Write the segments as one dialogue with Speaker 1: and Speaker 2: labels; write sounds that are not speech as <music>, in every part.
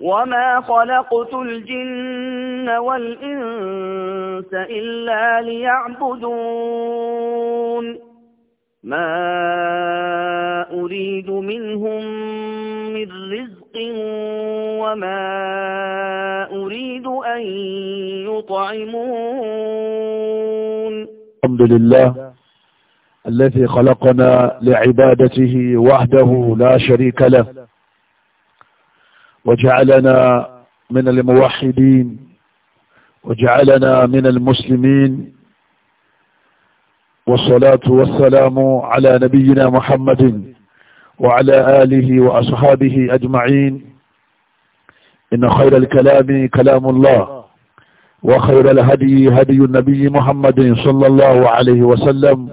Speaker 1: وما خلقت الجن والإنس إلا ليعبدون ما أريد منهم من رزق وما أريد أن يطعمون الحمد لله الذي خلقنا لعبادته وحده لا شريك له وجعلنا من الموحدين وجعلنا من المسلمين والصلاة والسلام على نبينا محمد وعلى آله وأصحابه أجمعين إن خير الكلام كلام الله وخير الهدي هدي النبي محمد صلى الله عليه وسلم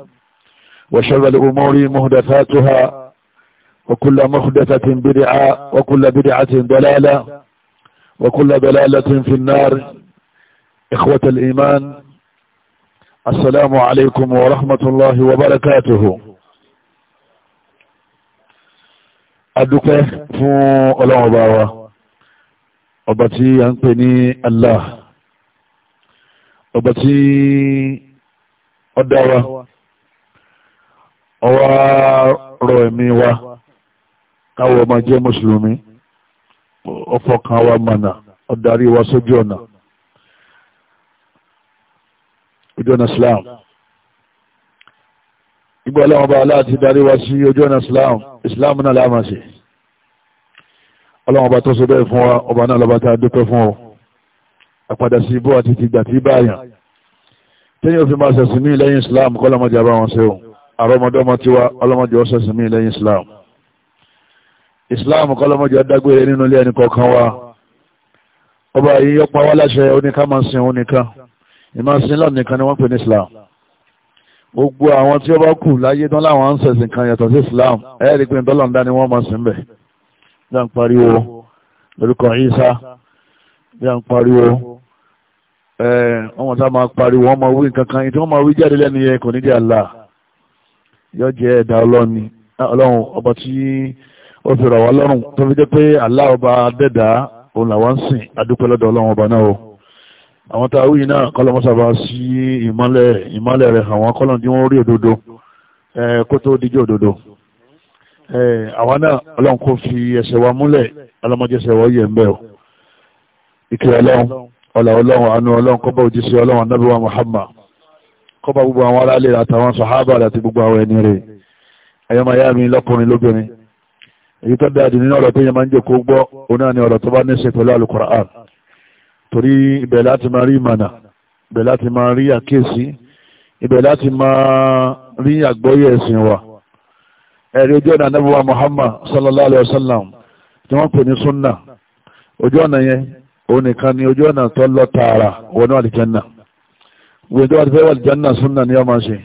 Speaker 1: وشر الأمور مهدفاتها وكل محدثة بدعة وكل بدعة دلالة وكل دلالة في النار إخوة الإيمان السلام عليكم ورحمة الله وبركاته أدوك فون الله باوا أبتي أنقني الله أبتي أدوا أوا رومي káwọ ọmọ jẹ́ mùsùlùmí ọ̀fọ̀ kan wa mọ̀nà ọ̀darí wa sójú ọ̀nà ojú ọ̀nà Islam ìgbà ọlọ́wọ́n bá aláàtí darí wa sí ojú ọ̀nà Islam Islam náà láàmà sí ọlọ́wọ́n bá tó so bẹ́ẹ̀ fún wa ọba náà lọ́ba tá a dúpẹ́ fún ọ àpadà sí ibú àti ti gbàtí báyàn tẹ́yìn òfin máa ṣẹ̀sìn mí lẹ́yìn Islam kọ́lọ́mọdé àbáwọn ṣe o àrọ́mọdé ọmọ tiwa ọlọ́mọdé ọ̀ṣẹ̀sìn mí lẹ́yìn Islam islam kọlọmọjọ dágbére nínú ilé ẹni kọ̀ọ̀kan wa ọba yìí yọpa wá láṣẹ oníká máa sin òun nìkan ìmásin lọ nìkan ni wọ́n pè ní islam gbogbo àwọn tí ó bá kù láyé tán láwọn ń kan yàtọ̀ sí islam ẹ̀ẹ́dì pé dọ́là ń dá ni wọ́n máa sìn bẹ̀ bí à ń pariwo lórúkọ Ìsá bí à ń pariwo ọmọ tá máa pariwo wọ́n máa wí kankan ìtí wọ́n máa wí jáde lẹ́nu yẹn kò ní jẹ́ Allah yọ jẹ́ ẹ̀dá ọlọ́ni ọlọ́run ọba tí ó fi rọ̀ wá lọ́rùn tó fi jẹ́ pé Allah ọba dẹ́dà òun làwọn ń sìn adúpẹ́ lọ́dọ̀ ọlọ́run ọba náà o àwọn tá a wí náà kọ́lọ́mọ́sábà sí ìmọ́lẹ̀ ìmọ́lẹ̀ rẹ̀ àwọn kọ́lọ́n tí wọ́n rí òdodo kó tó díjọ́ òdodo àwọn náà ọlọ́run kò fi ẹsẹ̀ wa múlẹ̀ ọlọ́mọdé ẹsẹ̀ wa yẹ̀ ń bẹ̀ o ìkẹ́ ọlọ́run ọlà ọlọ́run àánú ọlọ́run kọ́bà òjíṣẹ́ Muhammad kọ́bà gbogbo àwọn aráàlẹ̀ àtàwọn sàhábà àti gbogbo àwọn ẹni rẹ̀ èyí tó dáadì nínú ọ̀rọ̀ tó yẹ máa ń jẹ́ kó gbọ́ oná ni ọ̀rọ̀ tó bá ní ṣe pẹ̀lú alukura'an torí ibẹ̀ láti máa rí ìmànà ibẹ̀ láti máa rí àkíyèsí ibẹ̀ láti máa rí àgbọ́yé ẹ̀sìn wa ẹ̀rí ojú ọ̀nà anábíwá Muhammad sallallahu alayhi wa sallam tí wọ́n pè ní sunna ojú ọ̀nà yẹn òun nìkan ni ojú ọ̀nà tó lọ tààrà wọnú àlìjánná gbogbo ìjọba ti fẹ́ sunna ni yóò máa ṣe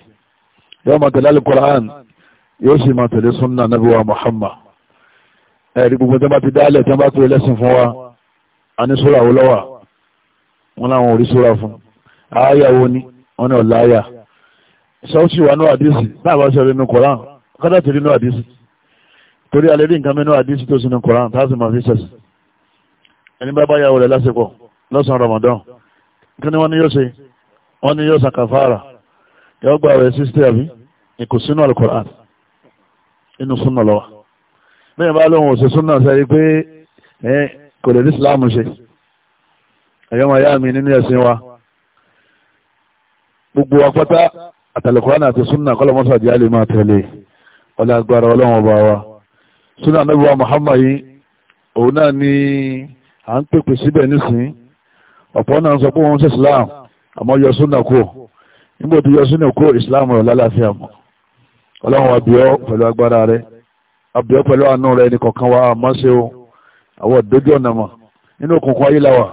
Speaker 1: yóò máa tẹ̀lé alukura'an yóò sì máa tẹ̀lé sunna anábíwá Muhammad ẹ̀rí gbogbo tí wọ́n bá ti dálẹ̀ tí wọ́n bá pè lẹ́sìn fún wa a ní sóra wo lọ́wà wọ́n láwọn orí sóra fún ààyà wo ni wọ́n ní ọ̀la àyà sọ́ọ̀sì wà ní àdìsí náà bá ṣe rí inú koran kọ́dà ti rí inú àdìsí torí alẹ́ rí nǹkan mẹ́nu àdìsí tó sinú koran tá a máa fi ṣẹ̀sì ẹni bá báyàwó rẹ̀ lásìkò lọ́sàn Ramadan kí ni wọ́n ní yóò ṣe wọ́n ní yóò sàkàfàrà yóò gbà rẹ̀ sísítẹ́ àbí ìkùsínú alukoran bẹ́ẹ̀ bá lóhun òṣè súnà sẹ́rí pé kò lè ní ìsìláàmù ṣe ẹ̀yọ́mọ̀ ayá mi nínú ẹ̀sìn wa gbogbo apáta àtàlẹ̀kọ́rán àti súnà kọ́lọ̀mọ́sọ̀ àti alẹ́ máa tẹ̀lé ọlá agbára ọlọ́run ọba wa súnà náà wà Muhammad yìí òun náà ni à ń pèpè síbẹ̀ nísìn ọ̀pọ̀ náà ń sọ pé wọ́n ń ṣe islam àmọ́ yọ súnà kúrò nígbà tó yọ súnà kúrò islam rẹ̀ lálàáfíà mọ́ ọlọ́run wa bí ọ pẹ̀lú agbára rẹ̀ àbẹ̀wò pẹ̀lú àánú rẹ̀ ní kọ̀ọ̀kan wa àmọ́ ṣe o àwọn ìdójú ọ̀nà mọ̀ nínú òkùnkùn ayé la wà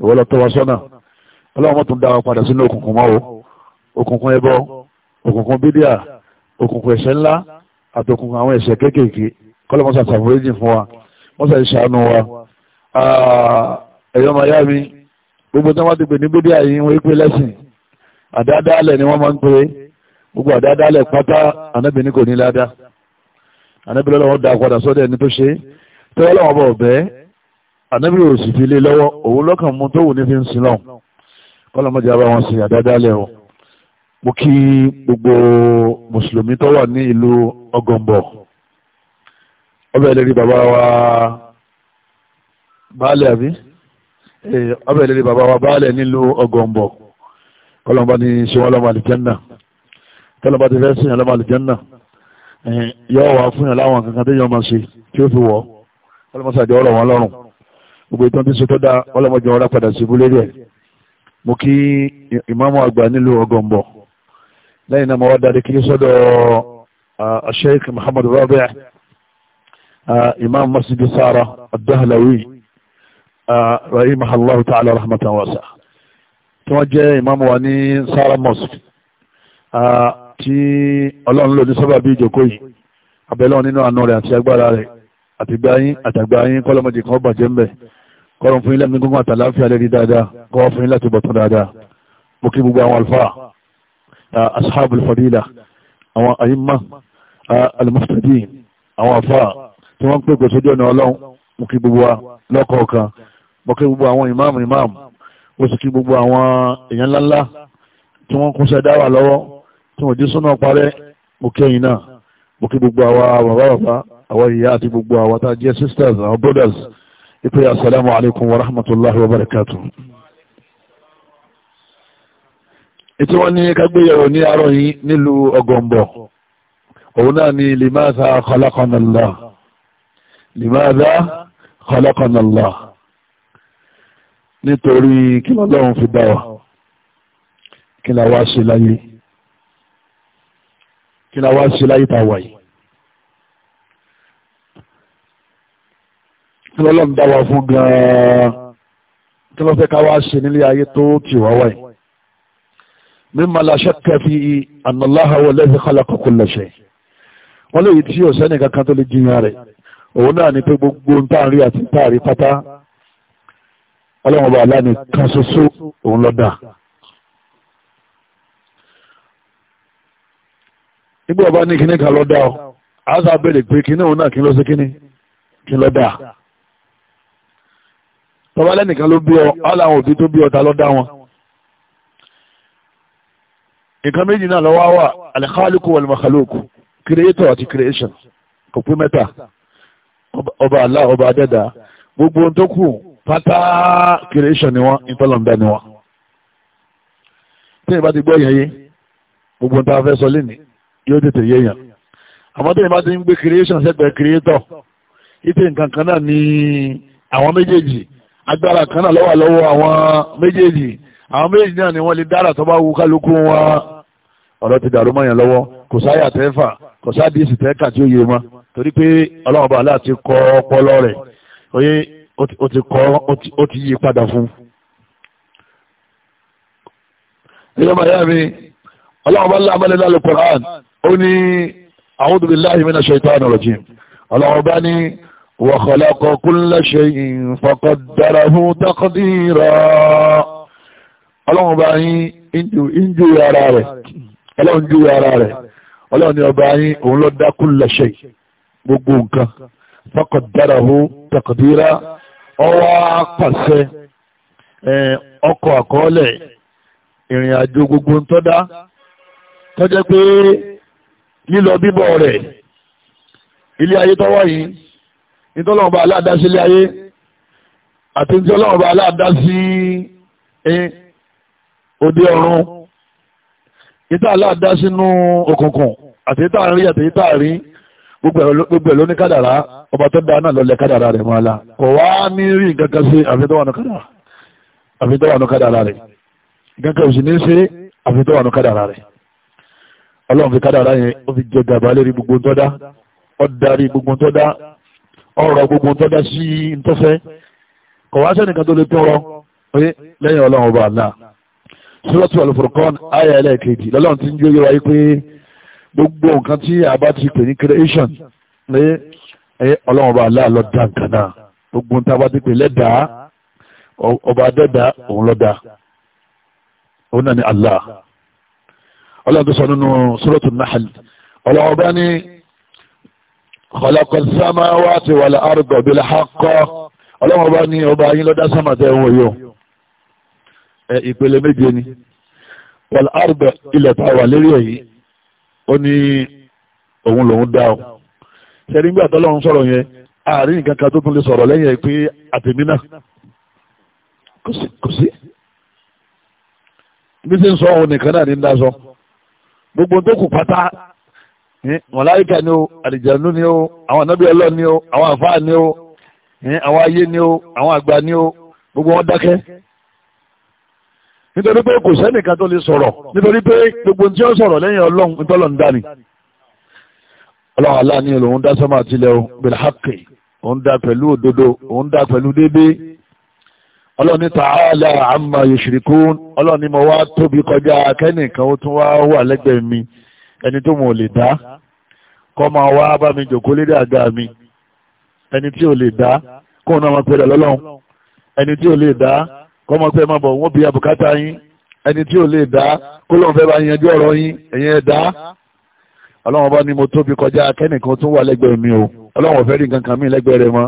Speaker 1: ìwọ lọ tọ́ wa sọ́nà ọlọ́run mọ̀ tún dá wa padà sínú òkùnkùn mọ́ o òkùnkùn ẹbọ òkùnkùn bídíà òkùnkùn ẹ̀ṣẹ̀ ńlá àti òkùnkùn àwọn ẹ̀ṣẹ̀ kéékèèké kọ́lọ́ mọ́sà sàfúrẹ́jì fún wa mọ́sà ìṣàánú wa ẹ̀yọ́ màá yá mi gbogbo tí wọ́n ti pè ní bídíà yìí wọ́n pè lẹ́sìn àdáadáalẹ̀ ni wọ́n máa ń pè gbogbo àdáadáalẹ̀ pátá ànábìíní kò ní ládàá ànábì lọ́wọ́ da padà sọ́dẹ̀ ní tó ṣe tẹ́wọ́ lọ́wọ́ bọ̀ bẹ́ ànábì ò sì fi lé lọ́wọ́ òun lọ́kàn mú tó wù ní fi ń sin lọ́hùn kọ́lọ́mọdé abá wọn sin àdáadáa lẹ̀ mo kí gbogbo mùsùlùmí tó wà ní ìlú ọgọ́mbọ̀ ọbẹ̀ lérí bàbá wa baálẹ̀ àbí ọbẹ̀ lérí bàbá wa baálẹ̀ nílùú ọgọ́mbọ̀ kọ́lọ́mọdé ṣe wọn lọ́mọ àlìjẹ́nà tọ́lọ́mọdé fẹ́ sìn ọlọ́mọ àlìjẹ́nà yọ wà fún yàn láwọn kankan tó yàn máa ṣe tí ó fi wọ́ ọlọ́mọsàdé ọ̀rọ̀ wọn lọ́rùn gbogbo ìtàn tí sọ́tọ́ dá ọlọ́mọdé ọ̀rá padà sí ibú lérí ẹ̀ mo kí ìmáàmù àgbà nílùú ọgọ́mbọ̀ lẹ́yìn náà mo wá dáadé kí sọ́dọ̀ Sheik Muhammad Rabi' imam masjid sara adahlawi rahimahullahu ta'ala rahmatan wasa tí wọ́n jẹ́ ìmáàmù wa ní sara mosque tí ọlọ́run lò ní sábà bí ìjòkó yìí abẹ́lọ́run nínú àánú rẹ̀ àti agbára rẹ̀ àtìgbáyín àtàgbáyín kọ́lọ́mọdé kan bàjẹ́ ń bẹ̀ kọ́rùn fún ilé mi gúngun àtàláfíà lè rí dáadáa kọ́ fún ilé àti bọ̀tún dáadáa mo kí gbogbo àwọn alfáà ashabul fadila àwọn ayimma alimuftadin àwọn afáà tí wọ́n ń pè gbèsè jọ́nà ọlọ́run mo kí gbogbo lọ́kọ̀ọ̀kan mo kí gbogbo àwọn ìmáàmù ìmáàmù mo sì kí gbogbo àwọn èèyàn ńláńlá tí wọ́n kúnṣẹ́ dáwà lọ́wọ́ tí wọ́n jí súnà parẹ́ mo kẹ́yìn náà mo kí gbogbo àwa bàbá bàbá àwa ìyá àti gbogbo àwa tá a jẹ́ sisters àwọn brothers ipe asalaamu alaykum wa rahmatulahi wa barakatu. ètò wọn ní kágbéyàwó ní àárọ̀ yìí nílùú ọgọ̀m̀bọ̀ òun náà ni limaza kọlákanàlá limaza kọlákanàlá nítorí kí lọ́lọ́run fi dá wa kí la wá ṣe láyé kí la wá sí láyé tá a wà yìí.
Speaker 2: kí lọ́lọ́run dá wa fún gan-an
Speaker 1: kí ló fẹ́ ká wá ṣe nílé ayé tó kì wá wáyé. mimma la shakka fi anna Allaha huwa alladhi khalaqa kulla shay. wọ́n lè tí yóò sẹ́ni kankan tó lè jiyàn rẹ̀ òun náà ni pé gbogbo ń tàrí àti nígbà ọba ní kíní kan lọ́dá ọ àásà bẹ̀rẹ̀ pé kíní òun náà kí lọ sí kíní kí lọ́dá tọba lẹ́nìkan ló bí ọ aláwọn òbí tó bí ọta lọ́dá wọn nǹkan méjì náà lọ́wọ́ wà al-khaliqu wal-makhluqu creator àti creation kò pé mẹ́ta ọba Allah ọba adẹ́dà gbogbo ohun tó kù pátá creation ni wọ́n ìtọ́lọ̀ǹda ni wọ́n tí ìbá ti gbọ́ yẹn yé gbogbo ohun tá a fẹ́ sọ lénìí yóò tètè yéèyàn àmọ́ tẹ́yìn bá ti ń gbé creation sẹ́gbẹ̀ẹ́ creator ìtẹ̀ nǹkan kan náà ni àwọn méjèèjì agbára kan náà lọ́wọ́ lọ́wọ́ àwọn méjèèjì àwọn méjèèjì náà ni wọ́n lè dára tó bá wu kálukú wọn ọ̀rọ̀ ti dàrú mọ́yàn lọ́wọ́ kò sáyà tẹ́fà kò sáàdìsì tẹ́ka tí ó yé ma torí pé ọlọ́run bá láti kọ́ ọpọlọ rẹ̀ oyé ó ti kọ́ ó ti yí padà fún. ẹ̀yọ́ màá yá mi ọlọ́run bá lálẹ́ Kùránì ó ní a'udhu billahi minash shaitani rajim ọlọ́run bá ní wa khalaqa kulla shay'in faqaddarahu taqdira ọlọ́run bá yín injú ara rẹ̀ ọlọ́run jú ara rẹ̀ ọlọ́run ní ọba yín òun ló dá kulla shay gbogbo nǹkan faqaddarahu taqdira ọwọ́ pàṣẹ ọkọ̀ àkọọ́lẹ̀ ìrìn àjò gbogbo ń tọ́dá tọ́jẹ́ pé lílọ bíbọ̀ rẹ̀ ilé ayé tó wà yìí nítọ́lọ́wọ́n bá aláàdá sí ilé ayé àti nítọ́lọ́wọ́n bá aláàdá sí òde ọ̀run ìta aláàdá sínú òkùnkùn àti ìta àrí àti ìta àrí gbogbo ẹ̀ ló ní kádàrá ọba tó dáa náà lọ́lẹ̀ kádàrá rẹ̀ mọ́ ala kò wá ní rí nǹkan sí àfitọ́wọ̀nù kádàrá rẹ̀ nǹkan sì ní sí àfitọ́wọ̀nù kádàrá rẹ̀ ọlọ́run fi kádàrá yẹn ó fi jẹ gàba lérí gbogbo tọ́dá ó darí gbogbo tọ́dá ọ̀rọ̀ gbogbo tọ́dá sí ntọ́fẹ́ kọ̀ wá sẹ́nìkan tó lè tọrọ oyé lẹ́yìn ọlọ́run ọba àlá sọ́lọ́tù alufurukọ́n ayé ẹlẹ́ẹ̀kejì lọ́lọ́run ti ń jó yẹ wáyé pé gbogbo nǹkan tí a bá ti pè ní creation lé ọlọ́run ọba àlá lọ dá nǹkan náà gbogbo nǹkan bá ti pè lẹ́dàá ọba adẹ́dàá òun lọ́dàá ni Allah ọlọ́dún sọ nínú suratul Nahl ọlọ́wọ́ bá ní khalaqas samawati wal arda bil haqq ọlọ́wọ́ bá ní ọba yín lọ́dá sámà tẹ́ wọ́n yóò ìpele méje ni wal arda ilẹ̀ tá a wà lérí èyí ó ní òun lòun dá o ṣẹ́rí nígbà tọ́lọ́run sọ̀rọ̀ yẹn àárín nǹkan kan tó tún lè sọ̀rọ̀ lẹ́yìn ẹ̀ àtẹ̀mí náà kò sí kò sí bí ṣe ń sọ òun nìkan náà ní ń dá sọ gbogbo tó kù pátá mọ̀láyíkà ni o àlìjànú ni o àwọn ànábì ọlọ́ọ̀ ni o àwọn àfáà ni o àwọn ayé ni o àwọn àgbà ni o gbogbo wọn dákẹ́ nítorí pé kò sẹ́nìkan tó lè sọ̀rọ̀ nítorí pé gbogbo tí ó sọ̀rọ̀ lẹ́yìn ọlọ́run nítọ́lọ́run dání ọlọ́run aláàánú lòun dá sọ́mà tilẹ̀ o bilhaqi òun dá pẹ̀lú òdodo òun dá pẹ̀lú déédéé ọlọ́ni tààlà àmà yòṣìríkú ọlọ́ni mo wá tóbi kọjá akẹ́nìkan ó tún wá wà lẹ́gbẹ̀ẹ́ mi ẹni tó mò lè dá kọ́ máa wá bá mi jòkó lédè àga mi ẹni tí ò lè dá kó náà máa pẹ̀lẹ̀ lọ́lọ́run ẹni tí ò lè dá kọ́ máa pẹ́ máa bọ̀ wọ́n bí abùkátà yín ẹni tí ò lè dá kó lóun fẹ́ bá yanjú ọ̀rọ̀ yín ẹ̀yin ẹ̀dá ọlọ́run bá ní mo tóbi kọjá akẹ́nìkan tún wà lẹ́gbẹ̀ẹ́ mi o ọlọ́run ò rí nǹkan kan mí lẹ́gbẹ̀ẹ́ rẹ̀ mọ́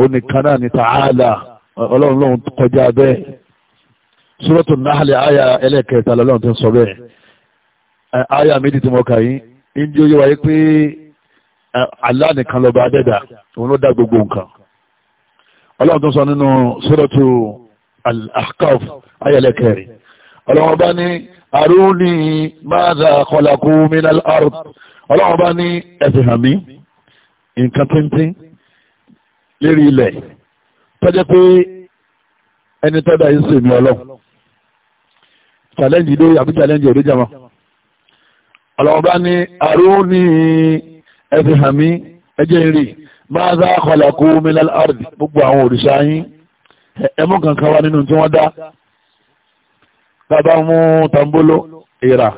Speaker 1: ó nìkan náà ní tààlà ọlọ́run lóhun kọjá bẹ́ẹ̀ sọ́rọ́tò náhàlẹ̀ àyà ẹlẹ́kẹta lọ́lọ́run ti ń sọ bẹ́ẹ̀ àyà méjì tí mo kà yín ìdí oyé wáyé pé Allah nìkan lọ́ba adẹ́dà òun ló dá gbogbo nǹkan ọlọ́run tó sọ nínú sọ́rọ́tò al-Ahqaf àyà ẹlẹ́kẹrin ọlọ́run bá ní arúni máza kọlàkú minal ard ọlọ́run bá ní ẹ̀sìn hàmí nǹkan tíntín lérí ilẹ̀ tọ́jẹ́ pé ẹni tọ́dà yìí sè mí ọlọ́run challenge dé àbí challenge òde jama ọlọ́run bá ní àrùnì ẹ̀fẹ̀ hàmí ẹjẹ́ ìrì máa dá kọlàkó mílẹ̀ àrùn gbogbo àwọn òrìṣà yín ẹmú kankan wá nínú tí wọ́n dá bàbá mú tambolo ìrà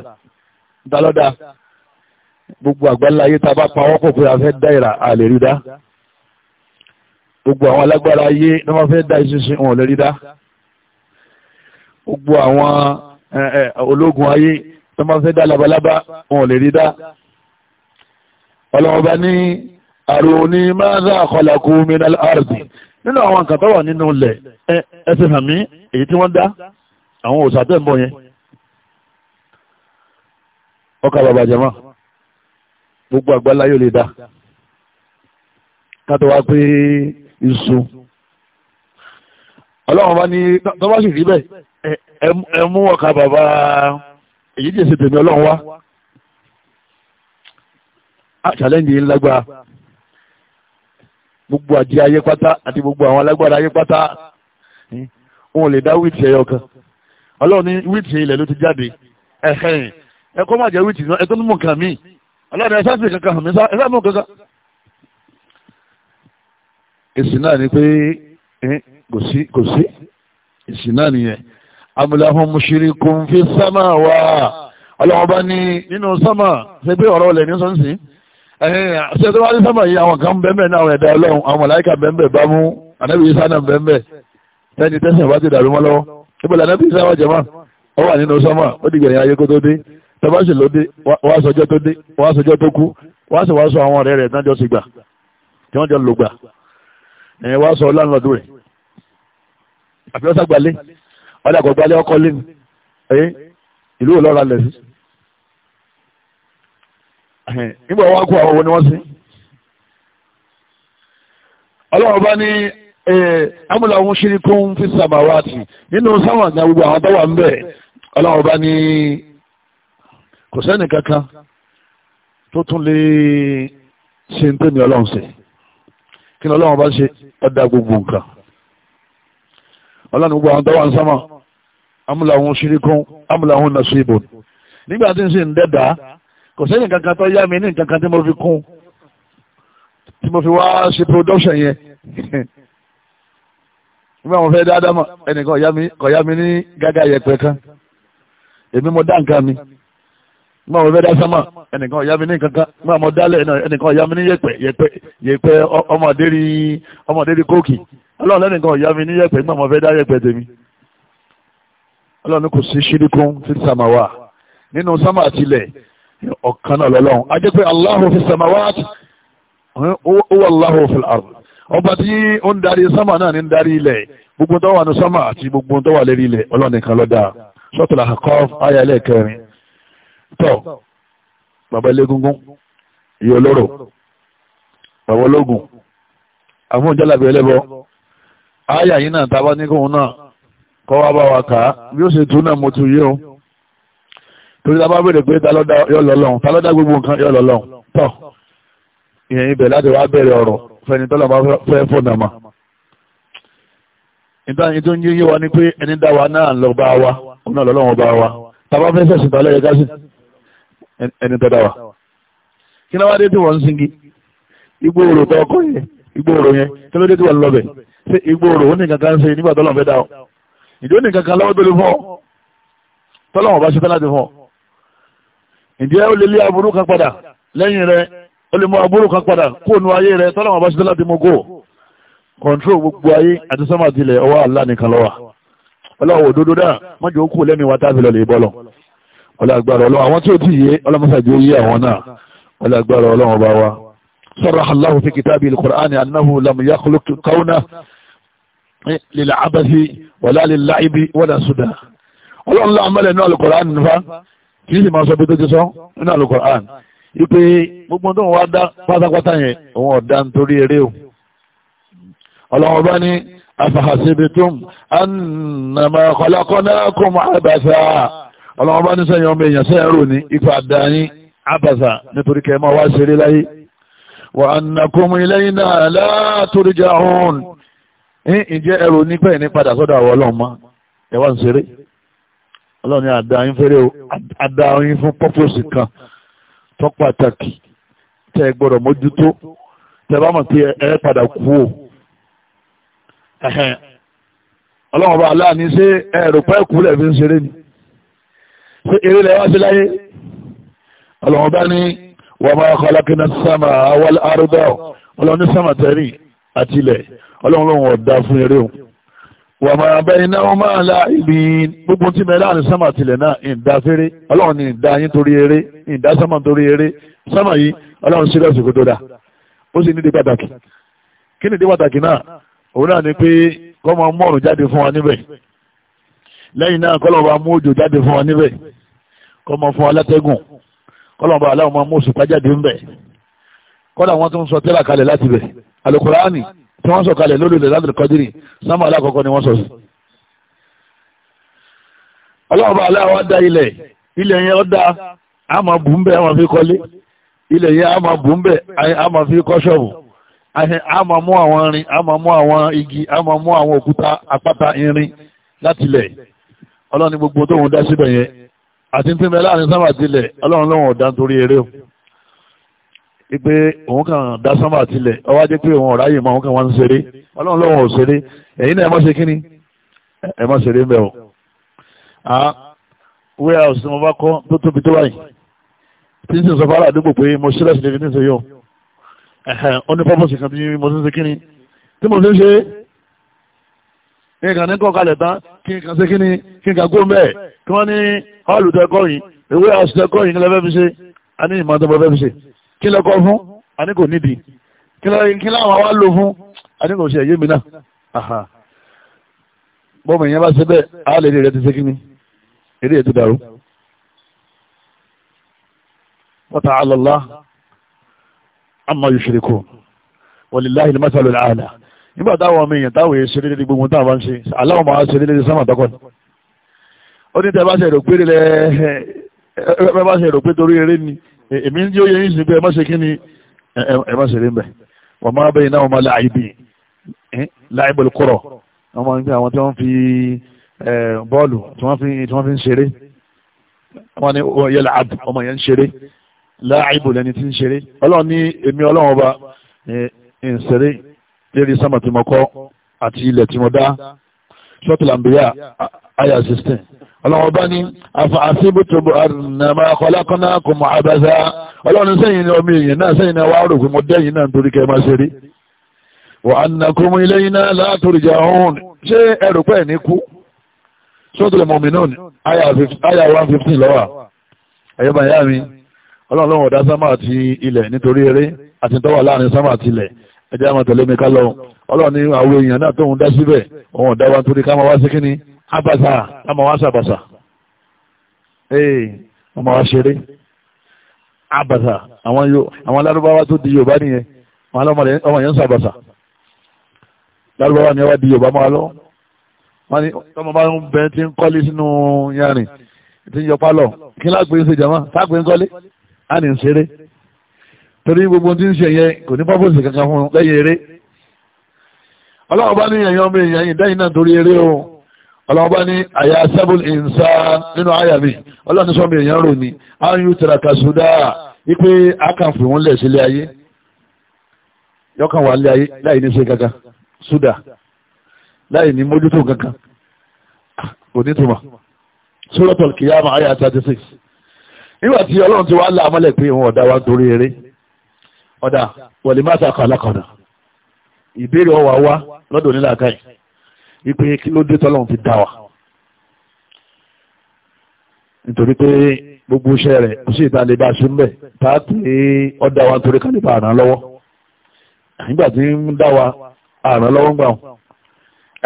Speaker 1: dálọ́dà gbogbo àgbáńlá ayé tá a bá pa wọ́pọ̀ pé a fẹ́ dá ìrà àlè rí dá gbogbo àwọn alágbára ayé ní wọ́n fẹ́ dá ìṣinṣin wọn lórí dá gbogbo àwọn ológun ayé ní wọ́n fẹ́ dá labalábá wọn lórí dá ọlọ́mọba ní àròní máza àkọlàkù minal ardi nínú àwọn nǹkan tó wà nínú ilẹ̀ ẹsẹ̀ hàn èyí tí wọ́n dá àwọn òsàtẹ́ǹbọ̀ yẹn ọkà bàbàjẹ́mọ́ gbogbo àgbáláyò lè dá kátó wá pé iṣu ọlọ́run bá ní tó bá sì rí bẹ́ẹ̀ ẹ mú ọkà bàbá èyí tí èsì tèmi ọlọ́run wá challenge yìí lágbára gbogbo àjí ayé pátá àti gbogbo àwọn alágbára ayé pátá wọn ò lè dá wíìtì ẹyọ kan ọlọ́run ní wíìtì ilẹ̀ ló ti jáde ẹ̀hẹ́n ẹ̀kọ́ má jẹ́ wíìtì náà ẹ̀tọ́ mímú nǹkan míì ọlọ́run ẹ̀sán kankan hàn mí sá ẹ̀sán mímú kankan èsì náà ni pé eh, kò sí kò sí èsì náà nìyẹn amúláhùn mushrikun fi sámà wá ọlọ́wọ́n bá ní nínú sámà ṣe pé ọ̀rọ̀ ọ̀lẹ̀ eh, ní sọ́nsìn ṣe tó wá ní sámà yìí àwọn kan bẹ́ẹ̀ náà àwọn ẹ̀dá ọlọ́run àwọn màláíkà bẹ́ẹ̀ bá mú ànábì yìí sánà bẹ́ẹ̀ tẹ́ni tẹ́sán bá ti dàrú mọ́ lọ́wọ́ ìbọ̀lẹ̀ ànábì yìí sáwọ́ jẹ̀mọ́ ọ wà nínú sámà ó dìgbẹ̀yìn ayé kó tó dé tọ́báṣì ló dé wá sọjọ́ tó dé wá sọjọ́ tó kú wá sì wá sọ àwọn ọ̀rẹ́ rẹ̀ náà jọ sì gbà tí wọ́n jọ lò gbà ẹ̀yẹn wá sọ láńlọ́dù rẹ̀ àfi ọ́sà gbalẹ̀ ọ̀dà kò gbalẹ̀ ọkọ lé ní ẹ̀yẹ ìlú ọlọ́ra lẹ̀ sí. nígbà wọn kó àwọn owó ni wọ́n sí. ọlọ́run bá ní amúlá ọ̀hún ṣírí kó ń fi sàmáwáàtì nínú sáwọn àgbà gbogbo àwọn tọ́wà ń bẹ̀ ọlọ́run bá ní kò sẹ́nì kankan tó tún lè ṣe ń tẹ̀mí ọlọ́run sí kí ni ọlọ́run bá ṣe ọ̀dà gbogbo nǹkan ọlọ́run gbogbo àwọn tọ́wọ́ ń sámà amúláhùn ṣirikún amúláhùn nasibun nígbà tí ń sì ń dẹ́dà kò sẹ́yìn kankan tó yá mi ní kankan tí mo fi kún tí mo fi wá ṣe production yẹn <laughs> nígbà wọn fẹ́ dáadáa mọ̀ ẹnìkan kò yá mi ní gágá yẹpẹ kan èmi mo dá nǹkan mi mọ àwọn ìfẹ́dá sámà ẹnìkan ọ̀yá mi ní kankan mọ àwọn ọ̀dálẹ̀ ẹnìkan ọ̀yá mi ní yẹ̀pẹ̀ yẹ̀pẹ̀ yẹ̀pẹ̀ ọmọdéri ọmọdéri kóòkì ọlọ́run lẹ́nìkan ọ̀yá mi ní yẹ̀pẹ̀ mọ àwọn ìfẹ́dá yẹ̀pẹ̀ tèmi ọlọ́run kò sí ṣíríkún fi sàmàwà nínú sámà àtìlẹ̀ ọ̀kan náà lọ́lọ́run a jẹ́ pé Allahu fi sàmàwà ó wà Allahu fil ard ọba tí ó ń darí sámà náà ní ń darí ilẹ̀ gbogbo tó wà ní sámà àti gbogbo tó wà lérí ilẹ̀ ọlọ́run nìkan ló dá sọ́tùlà àkọ́ ayẹlẹ́ kẹrin tọ́ bàbá elégúngún ìyá olóró bàbá ológun àfún jálàbí ẹlẹ́bọ ááyà yìí náà tábá ní kóhun náà kọ́ wá bá wa kà á bí ó ṣe tú náà mo tu yí o torí tábá béèrè pé ta ló dá yọ lọ́lọ́run ta ló dá gbogbo nǹkan yọ lọ́lọ́run tọ́ ìyẹn ibẹ̀ láti wá bẹ̀rẹ̀ ọ̀rọ̀ fẹ́ni tọ́lọ̀ bá fẹ́ fọ́nà mà ìtàn ìtún yíyí wa ni pé ẹni dá wa náà lọ bá wa òun náà lọ́lọ́run bá wa tábá fẹ́ sẹ̀sìn tọ́lẹ̀ yẹ ẹni tọ́ dá wa kí náà wá dé tí wọ́n ń singi igbó òrò tó ọkọ yẹn igbó òrò yẹn kí ló dé tí wọ́n lọ bẹ̀ ṣé igbó òrò ó ní kankan ṣe nígbà tọ́lọ̀ fẹ́ dá ọ ìdí ó ní kankan lọ́wọ́ tó lè fọ́ tọ́lọ̀ wọn bá ṣe tán láti fọ́ ìdí ó lè lé aburú kan padà lẹ́yìn rẹ ó lè mú aburú kan padà kó nu ayé rẹ tọ́lọ̀ wọn bá ṣe tán láti mú gò kọ̀ǹtró gbogbo ayé àti sọ́mà tilẹ̀ ọwọ́ àlá nìkan lọ́wọ́ ọlọ́wọ́ òdodo dáa mọ́jọ́ kú lẹ́mìí wa tábìlọ̀ lè bọ́ lọ ọlágbára ọlọ́run àwọn tí ó ti yé ọlọ́mọsàdé ó yé àwọn náà ọlágbára ọlọ́run ọba wa sọ́rọ̀ aláhùn fi kìtàbí al-Qur'ani annahu lam yakhluq kauna lil'abasi wala lil'aibi wala suda ọlọ́run láàmọ́lẹ̀ náà al-Qur'an nífa kì í sì máa sọ bí tó ti sọ nínú al ọlọ́wọ́n bá ní sẹ́yìn ọmọ èèyàn sẹ́yìn rò ní ipa dání abàzà nítorí kẹ́ máa wá ṣeré láyé wà annakum ilayna la turja'un ìjẹ́ ẹrù nípẹ́ ní padà sọ́dọ̀ àwọn ọlọ́run mọ́ ẹ wá ń ṣeré ọlọ́run ní àdáyín fẹ́rẹ́ o àdáyín fún pọ́pọ́sì kan tó pàtàkì tẹ́ gbọ́dọ̀ mójútó tẹ́ bá mọ̀ pé ẹ padà kú o ọlọ́run bá aláàní ṣé ẹ̀rù pẹ́ẹ́kù lẹ̀ fi ń ṣeré ni ṣe eré lẹ́wọ́ sí láyé ọlọ́run bá ní wọ́n máa kọ́ alákínà sáàmà àwọn arúgbó ọlọ́run ní sáàmà tẹ́rì àti ilẹ̀ ọlọ́run lòun ọ̀dà fún eré o wọ́n máa bẹ iná wọn máa la ibi gbogbo tí mẹ́lá ní sáàmà tilẹ̀ náà ìdá fẹ́rẹ́ ọlọ́run ní ìdá yín torí eré ìdá sáàmà torí eré sáàmà yìí ọlọ́run sílẹ̀ sí tó dáa ó sì nídìí pàtàkì kí lẹ́yìn náà kọ́lọ̀ọ̀bá mú òjò jáde fún wa níbẹ̀ kọ́mọ fún alátẹ́gùn kọ́lọ̀ọ̀bá aláwọ̀ máa mú òṣùpá jáde ń bẹ̀ wọn tó ń sọ tẹ́lá kalẹ̀ láti bẹ̀ alukuraani tí wọ́n sọ kalẹ̀ lórí lẹ́dàdìrì kọ́dírì sámà ni wọ́n sọ sí. aláwọ̀ da ilẹ̀ ilẹ̀ yẹn a máa bù ń bẹ̀ a máa fi kọ́lé ilẹ̀ yẹn a máa bù ń bẹ̀ a máa fi kọ́ ṣọ́ọ̀bù igi a máa mú àwọn òkúta àpáta irin ọlọ́run ní gbogbo tóun dá síbẹ̀ yẹn àti tí mẹ́lá ní sábà tilẹ̀ ọlọ́run lọ́wọ́n ọ̀dá nítorí eré o ipe òun kàn dá sábà tilẹ̀ ọwọ́ ajé pé òun ọ̀ráyè mọ́ òun kàn wá ń ṣeré ọlọ́run lọ́wọ́n ò ṣeré ẹ̀yin náà ẹ má ṣe kíni ẹ má ṣeré mbẹ́ o warehouse tí mo bá kọ́ tó tóbi tó báyìí tí n sì sọ fara àdúgbò pé mo ṣílẹ̀ sílẹ̀ ní ìṣẹ́yọ̀ ó ní pọ́pọ́sì kan tí mo ti ń ṣe kíni tí mo ti ń ṣe nǹkan ní kọ́kalẹ̀ tán kí nǹkan sí kíní kí nǹkan gó mẹ́ẹ̀ kí wọ́n ní hall tẹ́kọ́ yìí ìwé house tẹ́kọ́ yìí nílẹ̀ fẹ́ fi ṣe a ní ìmọ̀ tẹ́kọ́ fẹ́ fi ṣe kí lẹ́kọ́ fún a ní kò nídìí kí láwọn wá lò fún a ní kò ṣe ẹ̀yẹ́ mi náà bọ́ọ̀mù ìyẹn bá ṣe bẹ́ẹ̀ á lè rí rẹ ti ṣe kíní eré ètò dàrú wọ́n ta àlọ́lá àmọ́ yóò ṣe kú wọ́n lè láhìlì mọ́tàlú àlà nígbà táwọn ọmọ èèyàn táwọn èèyàn ṣe déédéé gbogbo táwọn bá ń ṣe aláwọ̀ máa ṣe déédéé sámà tọkọ ni ó ní tẹ bá ṣe rògbé lẹ ẹ bá ṣe rògbé torí eré ni èmi ń yóò yẹ yín sí pé ẹ má ṣe kí ni ẹ má ṣe rí mbẹ wọn máa bẹyìn náà wọn máa láàyè bì láàyè bọ̀lù kọ̀rọ̀ wọn máa ń gbé àwọn tí wọ́n fi bọ́ọ̀lù tí wọ́n fi ń ṣeré wọn ní èmi lérí sámà tí mo kọ́ àti ilẹ̀ tí mo dá sọ́tù làǹbíyà àyà sixteen ọlọ́run ọba ní àfàṣìbùtòbò àrùnàmà kọlákọ́nà kò mọ àbáṣá ọlọ́run sẹ́yìn ní ọmọ èèyàn náà sẹ́yìn náà wàá rò pé mo dẹ́yìn náà nítorí kẹ́ ẹ máa ṣe rí wà á nà kó mu ilé yín náà látòrí jà òun ṣé ẹrù pẹ́ ní kú sọ́tù lẹ́mọ̀mí náà ní àyà one fifteen lọ́wọ́ ẹ̀yọ́ bàyá mi ọlọ́run ọ̀dá sámà àti ilẹ̀ nítorí eré àti tọ́wà láàrin sámà àti ilẹ̀ ẹjẹ́ àwọn tẹ̀lé mi ká lọ ọlọ́run ní àwọn èèyàn náà tóun dá síbẹ̀ òun ọ̀dá wa nítorí ká máa wá sí kí ni abasa ká máa wá sàbàsà ee wọ́n máa wá ṣeré abasa àwọn alárúbáwá tó di yorùbá nìyẹn wọn ọmọ yẹn ń sàbàsà lárúbáwá ni wá di yorùbá máa lọ wọn ni ọmọ bá ń bẹ ti ń kọ́lé sínú yanrìn ti ń yọpá lọ kí lágbèé ń ṣe jàmá ságbèé ń kọ́lé á ní ń torí gbogbo tí ń ṣe yẹn kò ní pọ́pọ́sì kankan fún lẹ́yìn eré ọlọ́wọ́ bá ní ẹ̀yàn ọmọ èèyàn yìí dẹ́yìn náà torí eré o ọlọ́wọ́ bá ní àyà sábùl ìǹsà nínú àyà mi ọlọ́wọ́ ní sọ́mọ èèyàn rò ní áyù tẹ̀ràkà sódà wípé a kàn fi wọ́n lẹ̀ sílé ayé yọkàn wà lé ayé láì ní ṣe kankan sódà láì ní mójútó kankan kò ní tuma suratul kìyàmà àyà 36 nígbà tí ọlọ́run ti wá lá àmọ́lẹ̀ pé òun ọ̀dá wa torí eré ọ̀dà wọ̀lẹ̀ máa sàkà alákọ̀ọ́dà ìbéèrè ọwà wá lọ́dọ̀ nílà káì wípé kí ló dé tọ́lọ́run fi dá wa nítorí pé gbogbo iṣẹ́ rẹ̀ kò sí ìtàlẹ̀ bá a ṣe ń bẹ̀ tá a pè é ọ̀dà wa nítorí kálíbà àràn lọ́wọ́ nígbà tí ń dá wa àràn lọ́wọ́ ń gbà wọn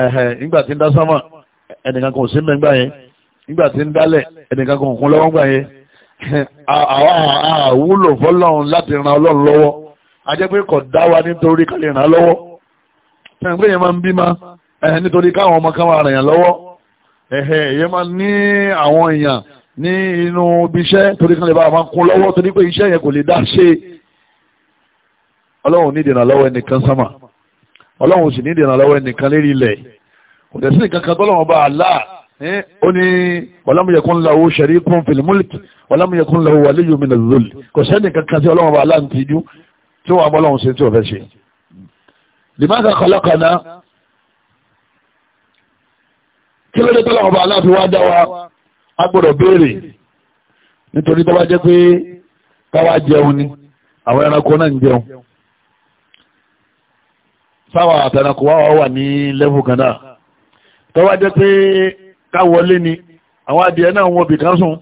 Speaker 1: ẹ̀hẹ̀ nígbà tí ń dá sámà ẹnìkan kan sí mẹ́gbà yẹn nígbà tí ń dálẹ̀ ẹnìkan kan kún lọ́wọ́ gbà yẹn àwa àwúlò fọlọ́run láti ran ọlọ́run lọ́wọ́ ajẹ́ pé kò dá wa nítorí ká lè ràn lọ́wọ́ tẹ̀yìn pé yẹn máa ń bímọ ẹ̀hẹ́ nítorí káwọn ọmọ kan máa ràn yàn lọ́wọ́ ẹ̀hẹ́ yẹn máa ní àwọn èèyàn ní inú ibi iṣẹ́ torí kan lè bá àwọn kún lọ́wọ́ torí pé iṣẹ́ yẹn kò lè dá ṣe ọlọ́run ní ìdènà lọ́wọ́ ẹnìkan sámà ọlọ́run sì ní ìdènà lọ́wọ́ ẹnìkan lérí ilẹ̀ kò tẹ̀sí nǹkan kan tọ́lọ́run bá Allah ó ní ọlámúyẹkún lahu sharikun fil mulk ọlámúyẹkún lahu waliyyun minaz-zull kò sẹ́nìkan kan sí ọlọ́run bá Allah ń tijú tí wọ́n abọ́lọ́hún ṣe tí wọ́n fẹ́ ṣe. limaza khalaqana kí ló dé tọ́lá ọba aláàfin wá dá wa a gbọ́dọ̀ béèrè nítorí tó bá jẹ́ pé káwá jẹun ni àwọn ẹranko náà ń jẹun sáwọn àtẹnakọ wá wà ní lẹ́fù kan náà tó jẹ́ pé káwọlé ni àwọn adìẹ náà wọn bì kan sùn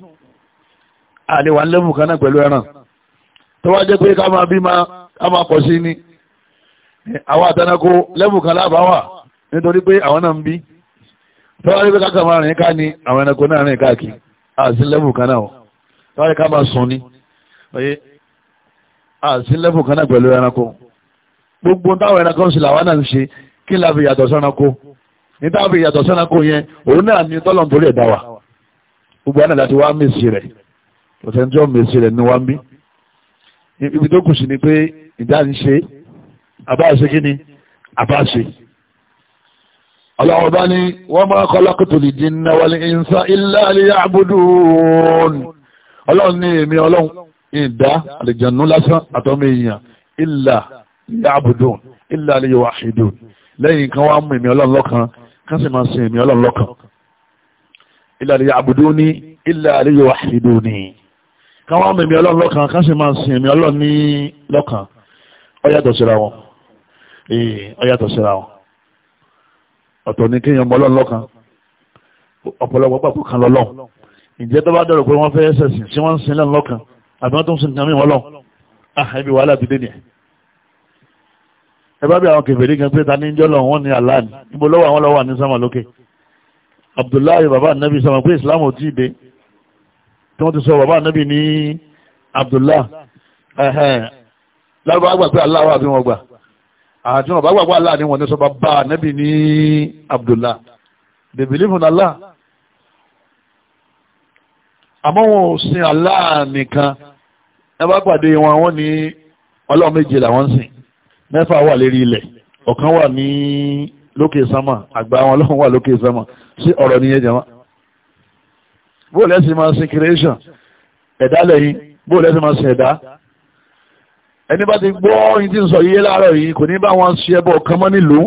Speaker 1: àlewà lẹ́fù kan náà pẹ̀lú ẹran tó jẹ́ pé ká máa bí máa ama máa pọ̀ sí ní àwọn àtànàkó lẹ́bù kan lábàá wà nítorí pé àwọn náà ń bí tọ́wárí pé káàkiri máa rìn ká ní àwọn ẹranko náà rìn káàkiri àti lẹ́bù kan náà tọ́wárí ká máa sùn ní oye àti lẹ́bù kan náà pẹ̀lú ẹranko gbogbo táwọn ẹranko ń ṣe làwọn náà ń ṣe kí la fi yàtọ̀ sọ́nàkó ní táwọn fi yàtọ̀ sọ́nàkó yẹn òun náà ní tọ́lọ̀ nítorí ẹ̀dá wa gbogbo àná láti wá mèsì rẹ̀ òtẹ́ńtì ọ̀ mèsì rẹ̀ ní wá ń ibi tó kù sí ni pé ìjà ń ṣe àbáṣe kí ni àbáṣe ọlọ́wọ́ bá ní wọ́n máa kọ́ lákòtò lè dín náà wọlé ìsá ilá àlèyà àbúdùn ọlọ́run ní èmi ọlọ́run ìdá àlèjànú lásán àtọ́mọ èèyàn ilá àlèyà àbúdùn ilá àlèyà wàhídùn lẹ́yìn kan wá mú èmi ọlọ́run lọ́kan kan sì máa sin èmi ọlọ́run lọ́kan ilá àlèyà àbúdùn ní ilá àlèyà wàhídùn ní kan wá mẹ̀mí ọlọ́run lọ́kàn kan sì máa ń sin ẹ̀mí ọlọ́run ní lọ́kàn ó yàtọ̀ síra wọn ó yàtọ̀ síra wọn ọ̀tọ̀ ní kéèyàn mọ ọlọ́run lọ́kàn ọ̀pọ̀lọpọ̀ pàpọ̀ kan lọ́lọ́run ìjẹ́ tó bá dọ̀rọ̀ pé wọ́n fẹ́ ṣẹ̀sìn sí wọ́n ń sin lọ́kàn àbí wọ́n tó ń sin nǹkan mìíràn lọ́wọ́ ah ibi wàhálà ti dé nìyẹn ẹ bá bí àwọn kèfèrí kan pé ta ní jọ́lọ̀ wọn ni aláàni ibo lọ́wọ́ àwọn lọ́wọ́ ní sámà lókè Abdullahi baba anabi sámà pé Islam ò tí ì dé tí wọ́n ti sọ bàbá ànábì ní Abdullah lárúbá àgbà pé aláwọ̀ àbí wọn gbà àti wọn bá gbà pé aláà ni wọn ní sọ bàbá ànábì ní Abdullah they believe in Allah àmọ́ wọn ò sin Allah nìkan ẹ bá pàdé wọn wọ́n ní ọlọ́run méje làwọn ń sìn mẹ́fà wà lérí ilẹ̀ ọ̀kan wà ní lókè sámà àgbà wọn ọlọ́run wà lókè sámà sí ọ̀rọ̀ nìyẹn jẹ́ wọn bóò lẹ́sì máa sin creation ẹ̀dá lẹ́yìn bóò lẹ́sì máa sin ẹ̀dá ẹni bá ti gbọ́ yìí tí ń sọ yíyé láàárọ̀ yìí kò ní bá wọn ṣe ẹbọ kan mọ́ nílùú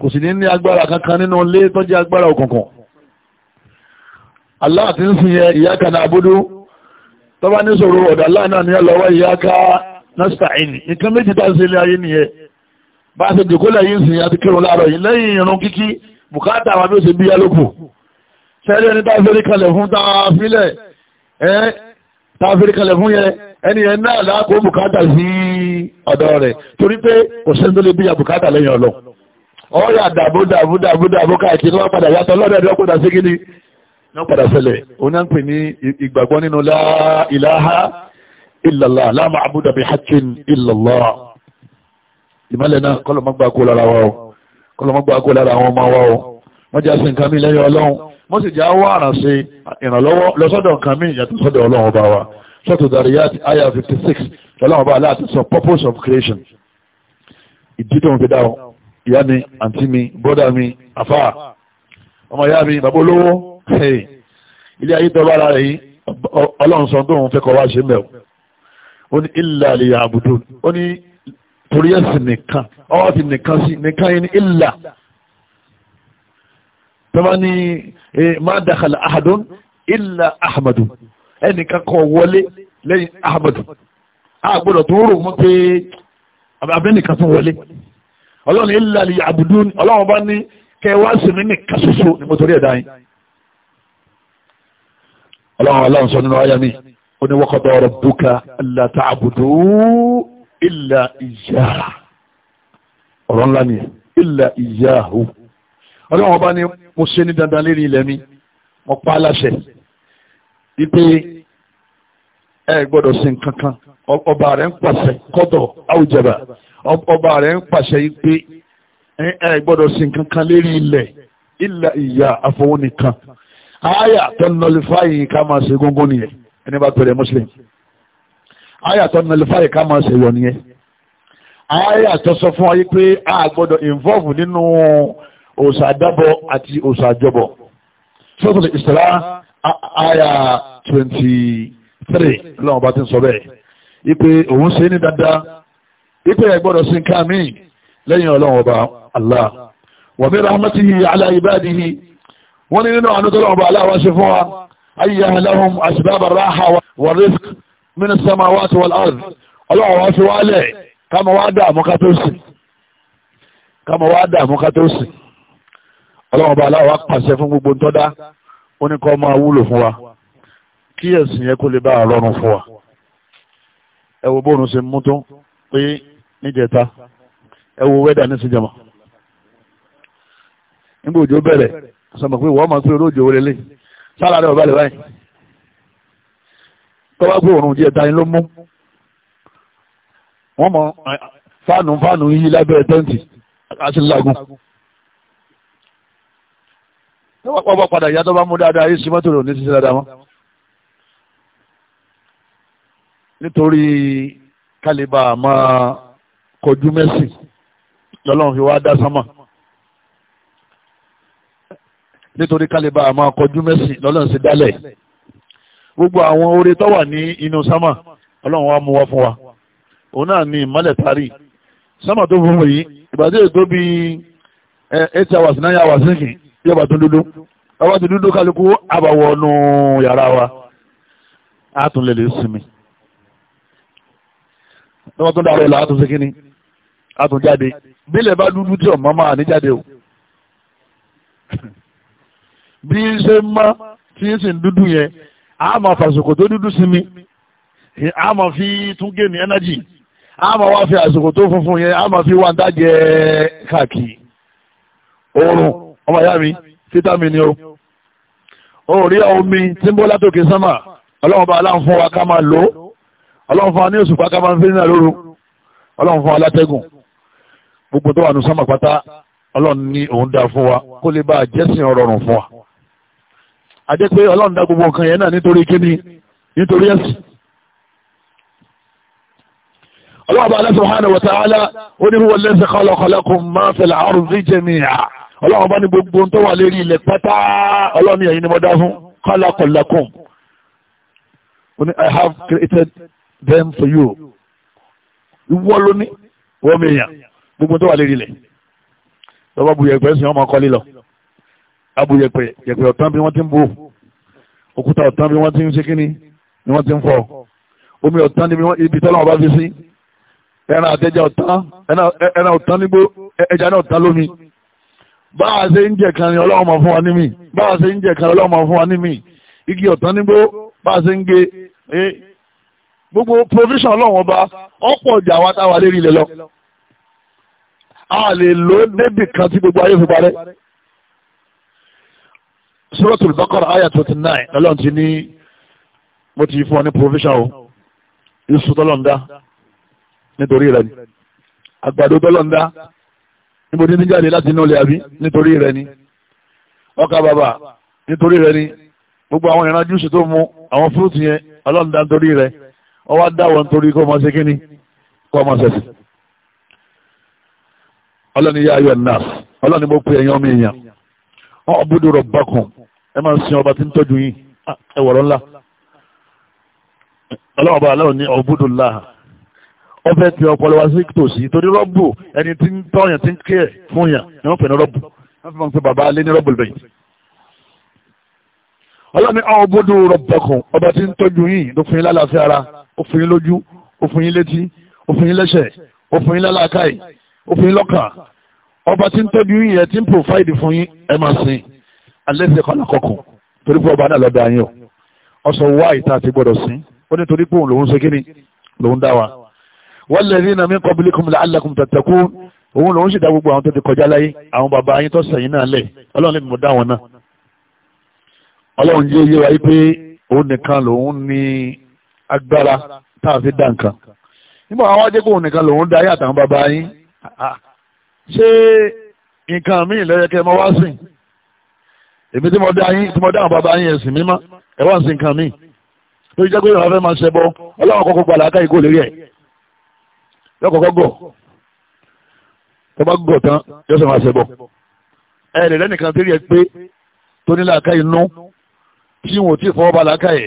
Speaker 1: kò sì ní ní agbára kankan nínú ilé tó jẹ́ agbára òkùnkùn Allah ti ń sin yẹ ìyáka náà abúdú tó bá ní sòro ọ̀dà Allah náà ní ọlọ́wọ́ ìyáka nasta'in nǹkan méjì tá ń ṣe ilé ayé nìyẹn bá a ṣe jòkó lẹ́yìn sìn àti kírun láàárọ̀ yìí lẹ́yìn irun kíkí bùkátà àwọn abẹ́òsè bíyá lókù sẹ́rí ẹni táfẹ́rí kalẹ̀ fún táfílẹ̀ ẹ́ táfẹ́rí kalẹ̀ fún yẹn ẹni yẹn náà láàkó bùkátà sí ọ̀dọ̀ rẹ̀ torí pé kò sẹ́ni tó lè bí àbùkátà lẹ́yìn ọlọ ọ̀yà dàbó dàbó dàbó dàbó káàkiri wọ́n padà yàtọ̀ lọ́dọ̀ ẹ̀dọ́ padà sí kíni wọ́n padà sẹlẹ̀ oní à ń pè ní ìgbàgbọ́ nínú la ilaha illallah la ma'buda bi haqqin illallah ìmọ̀lẹ̀ náà kọ́lọ̀ mọ́gbà kó lára wa kọ́lọ̀ mọ́gbà kó lára àwọn ọmọ wa o wọ́n nǹkan mi lẹ́yìn ọlọ́run wọ́n sì já wá àràn ṣe ìrànlọ́wọ́ lọ́sọ́dọ̀ nǹkan mí ìyàtọ̀ sọ́dọ̀ ọlọ́run ọba wa sọ́tò Dariyat aya fifty six ọlọ́run ọba aláàtì sọ purpose of creation ìdí tó ń fi dáhùn ìyá mi àǹtí mi bọ́dà mi àfà ọmọ ìyá mi bàbá olówó ilé ayé tọ́ bára rẹ̀ yìí ọlọ́run sọ tó ń fẹ́ kọ́ wá ṣe mẹ́wọ́ ó ní ilà lè yà àbùdó ó ní torí ẹ̀sìn nìkan ọwọ́ ti tọ́ba ní eh, má dàkàlà ahadun illa ahmadu ẹnìkan kọ́ wọlé lẹ́yìn ahmadu a gbọ́dọ̀ tó rò mọ́ pé abẹ́nìkan tó wọlé ọlọ́run illa li ya'budun ọlọ́run bá ní kẹwàá sinmi nìkan ṣoṣo ni mo torí ẹ̀dá yín
Speaker 2: ọlọ́run aláwọ̀ sọ nínú ayami
Speaker 1: ó ní wọ́kọ̀tọ̀ ọ̀rọ̀ búka alla ta'budu illa iyyah ọ̀rọ̀ ńlá ni illa iyyahu ọlọ́run ọba ni mo ṣe ní dandan lérí ilẹ̀ mi mo pa á láṣẹ wípé ẹ gbọ́dọ̀ sí nǹkan kan ọba rẹ̀ ń pàṣẹ kọ́dọ̀ àwùjọba ọba rẹ̀ ń pàṣẹ wípé ẹ gbọ́dọ̀ sí nǹkan kan lérí ilẹ̀ ilẹ̀ ìyá àfọwọ́ àyà tó ń nọlifá yìí ká máa ṣe góńgó nìyẹn ẹni bá pèrè muslim àyà tó ń nọlifá yìí ká máa ṣe wọ̀ nìyẹn àyà tó sọ fún wa yìí pé a gbọ́dọ̀ involve nínú. No òòsà àdábọ̀ àti òòsà àjọbọ̀ sọ́tọ̀lẹ̀ ìsìlá àyà 23 lọ́wọ́ bá ti ń sọ bẹ́ẹ̀ ipe òun ṣe ní dáadáa ipe ẹ̀ gbọ́dọ̀ sí nǹkan míì lẹ́yìn ọlọ́wọ́ bá Allah wa bi rahmatihi ala ibadihi wọ́n ní nínú àánú tọ́lọ́wọ́ bá Allah ṣe fún wa ayyaha lahum asbaba raha wa rizq min as-samawati wal ard
Speaker 2: ọlọ́wọ́ wá fi wálẹ̀
Speaker 1: káàmù wá dààmú ká tó sìn ọlọ́wọ́n bá aláwọ̀ pàṣẹ fún gbogbo tọ́dá ó ní kọ́ máa wúlò fún wa kí ẹ̀sìn yẹn kó lè bá rọrùn fún wa ẹ wo bóòrùn ṣe mú tó pé níjẹta ẹ wo wẹ́dà ní síjàmà nígbà òjò bẹ̀rẹ̀ sọmọ pé wọ́n máa pé olóòjò wọlé lé sára rẹ̀ ọ̀bá lè báyìí tó bá pé òrùn díẹ̀ ta ni ló mú wọ́n mọ fáànù fáànù yí lábẹ́ tẹ́ǹtì àti lágùn wọ́n bá padà ìyá tó bá mú dáadáa yìí sí mọ́tò rò ní títí dáadáa mọ́ nítorí kálíbà máa kojú mẹ́sì lọ́lọ́run fi wá dá sánmà nítorí kálíbà máa kojú mẹ́sì lọ́lọ́run sì dálẹ̀ gbogbo àwọn oore tó wà ní inú sánmà ọlọ́run wá mú wá fún wa òun náà ni ìmọ́lẹ̀ parí sánmà tó fún wọ̀nyí ìbàdí ètò bíi eh, eight hours nine hours nìkín yóò bá tún dúdú ọba tún dúdú kálukú àbàwọ̀ ọ̀nù yàrá wa á tún lè lè sinmi lọ́wọ́ tún dàrọ̀ ìlà á tún ṣe kínní á tún jáde bílẹ̀ bá dúdú tí ọ̀mọ́ máa ní jáde o bí í ṣe mọ́ tí í sì ń dúdú yẹn a máa fàṣokò tó dúdú sinmi a máa fi tún gé ní ẹnájì a máa wá fi àsìkò tó funfun yẹn a máa fi wá ń dájẹ́ káàkiri oorun ọmọ ìyá mi títà mi ni o ó rí omi tí ń bọ́ látòkè sánmà ọlọ́run bá aláǹ fún wa ká máa lò ó ọlọ́run fún wa ní òṣùpá ká máa ń fi náà lóru ọlọ́run fún wa látẹ́gùn gbogbo tó wà ní sánmà pátá ọlọ́run ní òun dá fún wa kó lè bá àjẹsìn ọrọ̀rùn fún wa àjẹ́ pé ọlọ́run dá gbogbo nǹkan yẹn náà nítorí kíni nítorí ẹ̀sìn ọlọ́run bá aláṣọ hàn wọ̀tá alá onírúwọ̀lẹ́sẹ̀ kọ́lọ́kọ́lọ́kùn máa fẹ̀lẹ̀ àrùn ọlọ́run bá ní gbogbo tó wà lérí ilẹ̀ pátá ọlọ́run ní ni mo dá fún kọ́lákọ̀lákùn ó ní i have created them for you ìwọ ló ní wọ́n mi yàn gbogbo tó wà lérí ilẹ̀ lọ́wọ́ buyẹ̀pẹ̀ sìn ọmọ kọ́lé lọ abuyẹ̀pẹ̀ yẹ̀pẹ̀ ọ̀tán bí wọ́n ti ń bò òkúta ọ̀tán bí wọ́n ti ń ṣe kíni ni wọ́n ti ń fọ́ omi ọ̀tán níbi ibi tọ́lọ́wọ́ bá fi sí ẹran àtẹjà ọ̀tán ẹran ọ̀tán nígbó ẹja náà ọ̀tán lómi báwa ṣe ń jẹ kan ni ọlọ́run máa fún wa nímì báwa ṣe ń jẹ kan ọlọ́run máa fún wa nímì igi ọ̀tán nígbó báwa ṣe ń gé gbogbo provision ọlọ́run ọba ọ̀pọ̀ ọjà wa táwa lérí ilẹ̀ lọ a lè lo débì kan tí gbogbo ayé fi parẹ́ suratul Baqara ayah twenty nine ọlọ́run ti ní mo ti fún ọ ní provision o iṣu tọ́lọ́ndá nítorí rẹ̀ ni àgbàdo tọ́lọ́ndá níbo tí ń jáde láti inú ilé àbí nítorí rẹ ni ọkà bàbà nítorí rẹ ni gbogbo àwọn ìran júùsì tó mu àwọn fúrúùtù yẹn ọlọ́run dá nítorí rẹ ọwọ́ dá wọn nítorí kó máa ṣe ni kó máa ṣẹ̀ṣẹ̀. ọlọ́run yá ayọ̀ nas ọlọ́run mo pe ẹ̀yàn mi èèyàn wọn ọ̀bùdó rọ̀ bákùn ẹ máa ń sin ọba tí ń tọ́jú yín ah, ẹ ńlá ọlọ́run ọba aláwọ̀ ní ọ̀bùdó láhà ọfẹ́ tí ọpọlọ wá sí tòsí torí rọ́bù ẹni tí ń tọ́yàn tí ń kí ẹ̀ fún yàn ni wọ́n pè ní rọ́bù wọ́n fi máa ń pe bàbá alé ní rọ́bù lẹ́yìn. ọlọ́ni àwọn bódú rọ̀bọ̀kùn ọba tí ń tọ́jú yìí ló fún yín lálàáfíà ara ó fún yín lójú ó fún yín létí ó fún yín lẹ́sẹ̀ ó fún yín lálàákàì ó fún yín lọ́kàn ọba tí ń tọ́jú yìí ẹ ti ń pòfáìdì fún yín ẹ máa sìn alẹ́ fi kọ́lá walladhina min qablikum la'allakum tattaqun òun lòun sì dá gbogbo àwọn tó ti kọjá láyé àwọn bàbá yín tó sẹ̀yìn náà lẹ̀ ọlọ́run lè mọ̀ dá wọn náà
Speaker 2: ọlọ́run yé yé wa yí
Speaker 1: pé òun nìkan lòun ní agbára tá a fi dá nǹkan nígbà wọn wá jẹ́ pé òun nìkan lòun dá ayé àtàwọn bàbá yín ṣé nǹkan míì lẹ́yẹ kẹ́ ẹ máa wá sìn èmi tí mo dá yín tí mo dá àwọn bàbá yín ẹ̀sìn mímọ́ ẹ̀ wá sí nǹkan míì lórí jẹ́ pé ìrànlọ́fẹ́ máa ṣẹbọ ọlọ́run kọ́kọ́ gbàlá lọ́kọ̀ọ́kọ́ gọ̀ tó bá gọ̀ tán yóò sọ máa ṣe bọ̀ ẹ lè lẹ́nìkan tí rí ẹ pé tó ní làákà inú tí wọn ò tí fọwọ́ bá làákà yẹ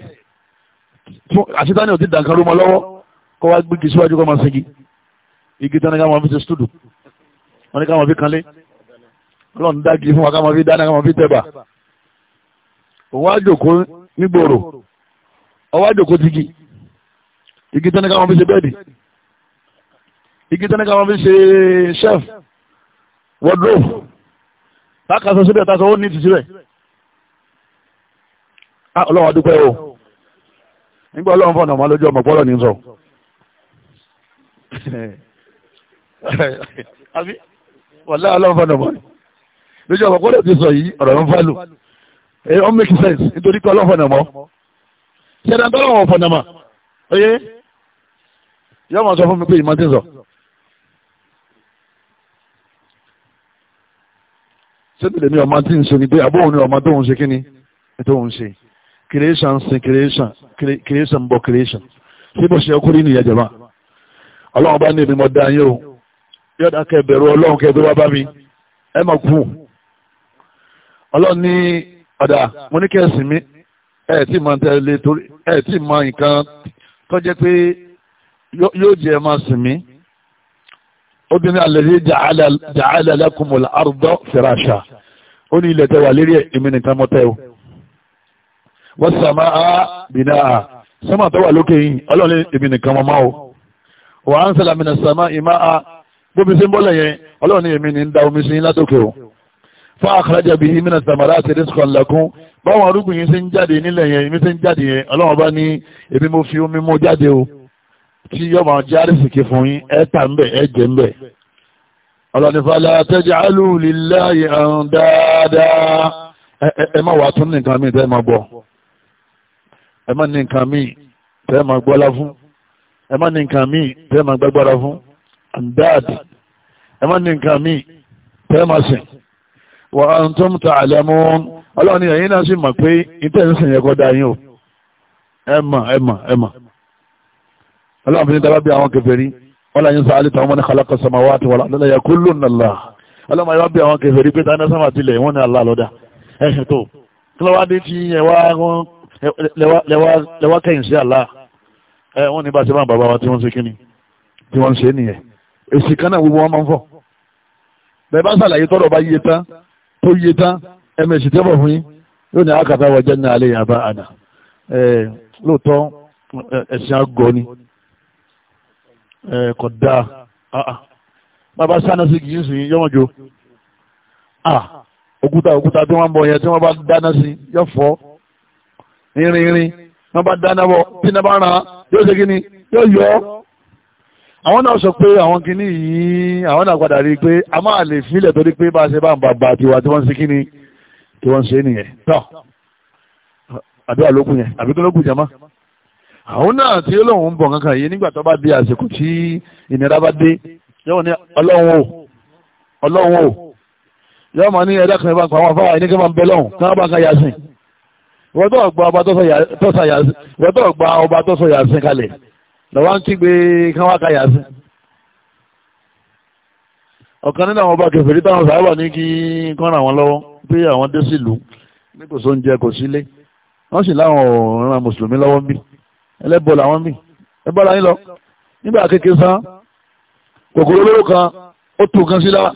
Speaker 1: àṣetáni ò ti dàn kan rú mọ lọ́wọ́ kó wá gbígi síwájú kó máa ṣegi igi tán ní ká máa fi ṣe stúdù wọn ní ká máa fi kanlé ọlọ́run dági fún wa ká fi dáná ká fi tẹ̀bà òun á nígboro ọwọ́ á tigi igi tán ní ká fi ṣe bẹ́ẹ̀dì igi tẹ́lẹ̀ káwọn fi ṣe chef wardrobe tákàtọ̀ síbẹ̀ tàṣọ ó ní ti síbẹ̀ ah, ọlọ́wọ́ dúpẹ́ o nígbà ọlọ́run fọ̀nà ọmọ lójú ọmọ pọ́lọ̀ ní sọ <laughs> àbí wàlá ọlọ́run fọ̀nà ọmọ lójú ọmọ pọ́lọ̀ ti sọ yìí ọ̀rọ̀ ń fálù ẹ̀ ọ́n make sense nítorí pé ọlọ́run fọ̀nà ọmọ ṣẹ́dá tọ́lọ́run fọ̀nà ọmọ oyé yọ́mọ̀ sọ fún mi pé ìmọ̀ ti sọ sẹ́tẹ̀lẹ̀ ní ọmọ tí ń ṣe ni pé àbóhùn ní ọmọ tóhun ṣe kí ni tóhun ṣe creation sin creation creation bọ creation síbò ṣe ọkùnrin ní ìyàjọba ọlọ́run bá ní èmi mọ̀ dá yín o yóò dá kẹ bẹ̀rù ọlọ́run kẹ tó wá bá mi ẹ mọ̀ kú ọlọ́run ní ọ̀dà mo ní kẹ́sì mi ẹ tí máa tẹ̀lé torí ẹ tí máa nǹkan tó jẹ́ pé yóò jẹ́ máa sìn mí ó dín ní alladhi ja'ala lakumul arda firasha ó ní ilẹ̀ tẹ́ wà lérí èmi nìkan mọ́ tẹ́ o wa samaa binaa sọ́mà tó wà lókè yìí ọlọ́run èmi nìkan mọ́ máa o wa anzala minas samaa'i ma'a bóbi sí ń bọ́lẹ̀ yẹn ọlọ́run ní èmi ní ń da omi sí látòkè o fa akhraja bihi minas samarati rizqan lakum báwọn arúgbìn yìí sí ń jáde nílẹ̀ yẹn èmi sí ń jáde yẹn ọlọ́run bá ní èmi mo fi omi mú jáde o tí yóò máa jẹ́ àrísìkí fún yín ẹ tà ń bẹ̀ ẹ jẹ ń bẹ̀. ọlọ́nifàlà taj'alu lillahi andada ẹ má wàá tún ní nǹkan míì tẹ́ máa bọ̀ ẹ má ní nǹkan míì tẹ́ máa gbọ́lá fún ẹ má ní míì tẹ́ máa gbàgbára fún andada ẹ má ní míì tẹ́ máa sìn wa antum ta'lamun ọlọ́ni ẹ̀yin náà sì mọ̀ pé ìtẹ̀sìn yẹn kọ́ da yín o ẹ mọ̀ ẹ mọ̀ ẹ mọ̀ ọlọ́run fi ní tàbá bí àwọn kèfèrí wọ́n láyé sọ alẹ́ tàwọn mọ́ ní khalaqa samawati wal ardi la yaqulunna Allah ọlọ́run ayé wá bí àwọn kèfèrí pé tàbí sáwọn àtìlẹ̀ wọ́n ní Allah lọ́dà ẹ̀ṣẹ̀ tó kí lọ́wọ́ adé tí lẹ́wà kẹ́yìn sí Allah ẹ̀ wọ́n ní bá ṣe máa bàbá wa tí wọ́n ṣe kíni tí wọ́n ṣe nìyẹn èsì kan náà gbogbo wọn máa ń fọ̀ bẹ́ẹ̀ bá ṣàlàyé tọ́rọ̀ bá yíye tán tó yíye tán ẹ̀mẹ̀sì tẹ́bọ̀ fún yín yóò ní àkàtà wọ jẹ́ ní alẹ́ yàrá àná lóòótọ́ ẹ̀sìn àgọ́ ni Eh, kò dáa ah, ah. bàbá sáná sí kìí sìn yọmọjọ ah, òkúta òkúta tí wọ́n bọ̀ yẹn tí wọ́n bá dáná sí yọ fọ́ irin irin wọ́n bá dáná bọ̀ tí náà bá ràn án yóò ṣe kíni yóò yọ ọ́ àwọn náà sọ pé àwọn kìíní yìí àwọn náà padà rí i pé a máa lè fílẹ̀ torí pé bá a ṣe bá ń bàbà tiwa tí wọ́n ń ṣe kíni tí wọ́n ń ṣe nìyẹn tọ́ àdúrà lókun yẹn àbíkú lókun jẹ́ máa àwọn náà tí olóhùn ń bọ̀ kankan yìí nígbà tó bá di àsìkò tí ìnira bá dé yóò ní ọlọ́run o ọlọ́run o yóò máa ní ẹ̀dá kan ìbá pa àwọn afáwà yìí ní kí wọ́n bẹ lọ́hùn kí wọ́n bá kan yàsìn wọ́n tó gba ọba tó sọ yàsìn kalẹ̀ lọ́wọ́ ń kígbe kí wọ́n ka yàsìn ọ̀kan nínú àwọn ọba kẹfẹ́rí táwọn sábà ní kí kán ràn wọ́n lọ́wọ́ pé àwọn dé sílùú ní kò sóúnjẹ kò sílé wọ́n sì láwọn ọ̀ràn mùsùlùmí lọ́wọ́ ń ẹlẹ́bọ̀ làwọn mí ẹ bá ara yín lọ nígbà kékeré sán kòkòrò olóró kan ó tù kan sí lára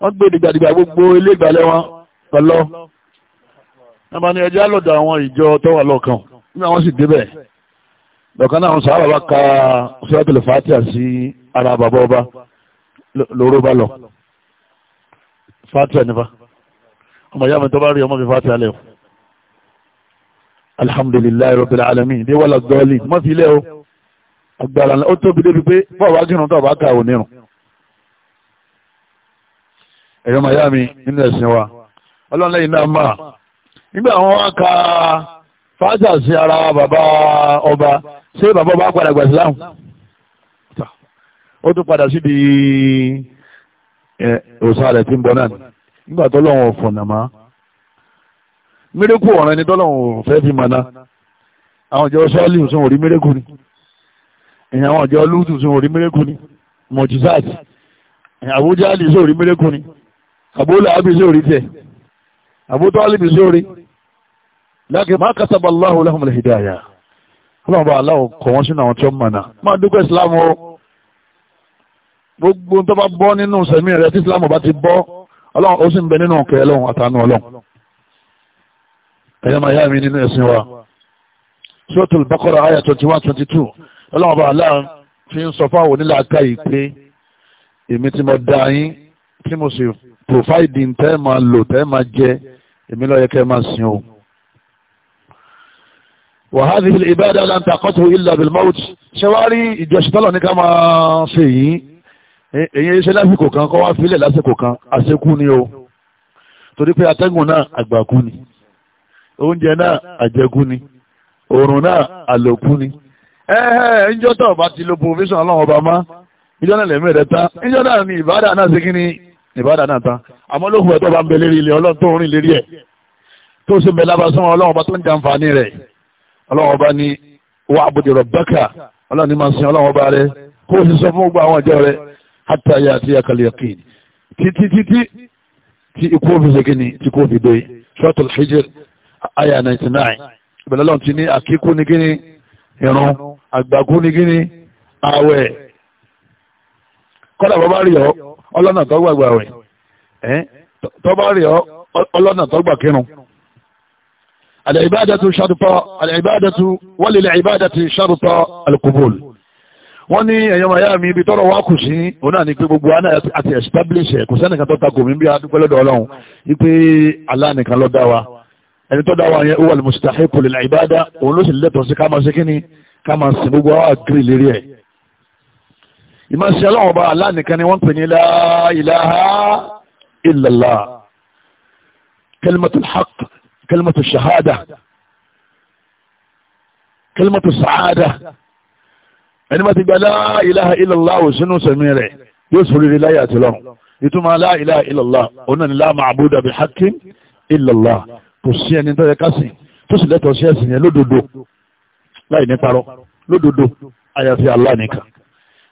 Speaker 1: wọ́n gbé dìgbàdìgbà gbogbo ilé ìgbàlẹ̀ wọn lọ́lọ́ nàbà ni ẹjẹ́ àlọ́dọ̀ àwọn ìjọ tó wà lọ́kàn nínú àwọn sì débẹ̀ lọ́kàn náà sọ àbàbà ka sọ́tòlù fàtíà sí ara bàbá ọba lóró bá lọ fàtíà nípa ọmọ ìyá mi tó bá rí ọmọ mi fàtíà lẹ́wọ̀ alhamdulilayi rabbil alamin ní wàlá gọ́ọ̀lì mọ́ fi ilẹ̀ o agbára ó tóbi débi pé bọ́ọ̀bá jùlọ tó bá kà ò nírun ẹ̀yọ́ miami nínú ẹ̀sìn wa ọlọ́lẹ́yìn náà máa nígbà àwọn wá ka fájà sí ara bàbá ọba ṣé bàbá ọba padà gbà sílámù ó tún padà sí di òsàlẹ̀ tí ń bọ̀ náà nígbà tó lọ́wọ́ fọ̀nàmá mírèkù ọ̀ràn ni tọ́lọ́hún fẹ́ fi mọ̀nà àwọn ìjọ sọ́ọ̀lì sùn ò rí mírèkù ni ìyẹn àwọn ìjọ lúùtù sùn ò rí mírèkù ni mọ̀jísáàtì àbújá àlì sùn ò rí mírèkù ni àbúlà àbí sùn ò rí tiẹ̀ àbútọ́ àlìbì sùn ò rí lákì má kásábà aláhùn lẹ́hùn lè hìdá àyà ọlọ́run bá aláwọ̀ kọ̀ wọ́n sínú àwọn tí ó mọ̀nà máa dúpẹ́ islam o gbogbo tó bá bọ́ nínú sẹ̀mí rẹ̀ tí islam bá ti bọ́ ọlọ́run ó sì ń bẹ nínú ọ̀kẹ́ ọlọ́run àtàánú ọlọ́run ẹ̀yọ́ máa yá mi nínú ẹ̀sìn wa suratul Baqara àyà twenty one twenty two ọlọ́run bá aláà fi ń sọ fáwọn onílà aka yìí pé èmi tí mo dá yín tí mo sì pòfáìdì tẹ́ máa lò tẹ́ máa jẹ èmi ló yẹ kẹ́ máa sìn o. wa hadhihi al-ibada lan taqatu illa bil-mawt ṣẹ́wárí ìjọsìtọ́lọ̀ ní ká máa ṣe yìí èyí ṣe lásìkò kan kọ́ wá fílẹ̀ lásìkò kan àṣekú ni o torí pé atẹ́gùn náà àgbàkú ni oúnjẹ náà àjẹkù ni oòrùn náà àlòkù ni ẹ̀ẹ́ ìjọ tó bá ti lo provision ọlọ́run ọba má ìjọ náà lẹ́mí rẹ̀ tán ìjọ náà ni ìbádà náà ṣe kí ni ìbádà náà tán àmọ́ lóhùn ẹ̀tọ́ bá ń bẹ lérí ilé ọlọ́run tó ń rìn lérí ẹ̀ tó ṣe bẹ lábàásán ọlọ́run ọba tó ń jàǹfààní rẹ̀ ọlọ́run ọba ni wà àbùdè rọ̀bẹ́kà ọlọ́run ni máa ń sin ọlọ́run ọba rẹ̀ kó o sì sọ fún gbogbo àwọn ọjọ́ rẹ̀ hátàyà àti àkàlẹ̀kìn títí ni tí ikú òfin dé aya 99 ìbẹ̀lẹ̀ lọ́n ti ní àkíkú ní kíní ìrun àgbàkú ní kíní ààwẹ̀ kọ́dà bọ́bá rí ọ ọlọ́nà tó gbàgbà rẹ̀ ẹ́ tọ́bá rí ọ ọlọ́nà tó gbà kírun al-ibadatu sharuta al-ibadatu wa lil-ibadati al-qubul wọ́n ní ẹ̀yọ́ màyá mi ibi tọ́rọ wá kù sí òun náà ni pé gbogbo wa náà àti establish ẹ̀ kò sẹ́nìkan tó takò mí bí adúpẹ́ lọ́dọ̀ ọlọ́run wípé Allah nìkan ló dá wa ẹni tó dáwà yẹn wà lùmùsítàhíkù lè ìbádá òun ló sì lẹ́tọ̀ sí káàmà sí kíní káàmà sí gbogbo àwọn àgírí lérí ẹ̀ ìmáṣẹ́ ọlọ́run ọba aláàníkan ni wọ́n pè ní la ilaha illallah kalimatul haq kalimatul shahada kalimatul sa'ada ẹni bá ti gba la ilaha illallah ò sínú sẹ̀mí rẹ̀ yóò sọ rírí láyé àti ìtumọ̀ la ilaha òun náà ni la kò sí ẹni tó yẹ ká sìn tó sì lẹ́tọ̀ọ́ sí ẹ̀sìn yẹn lódodo láì ní parọ́ lódodo àyàfi Allah nìkan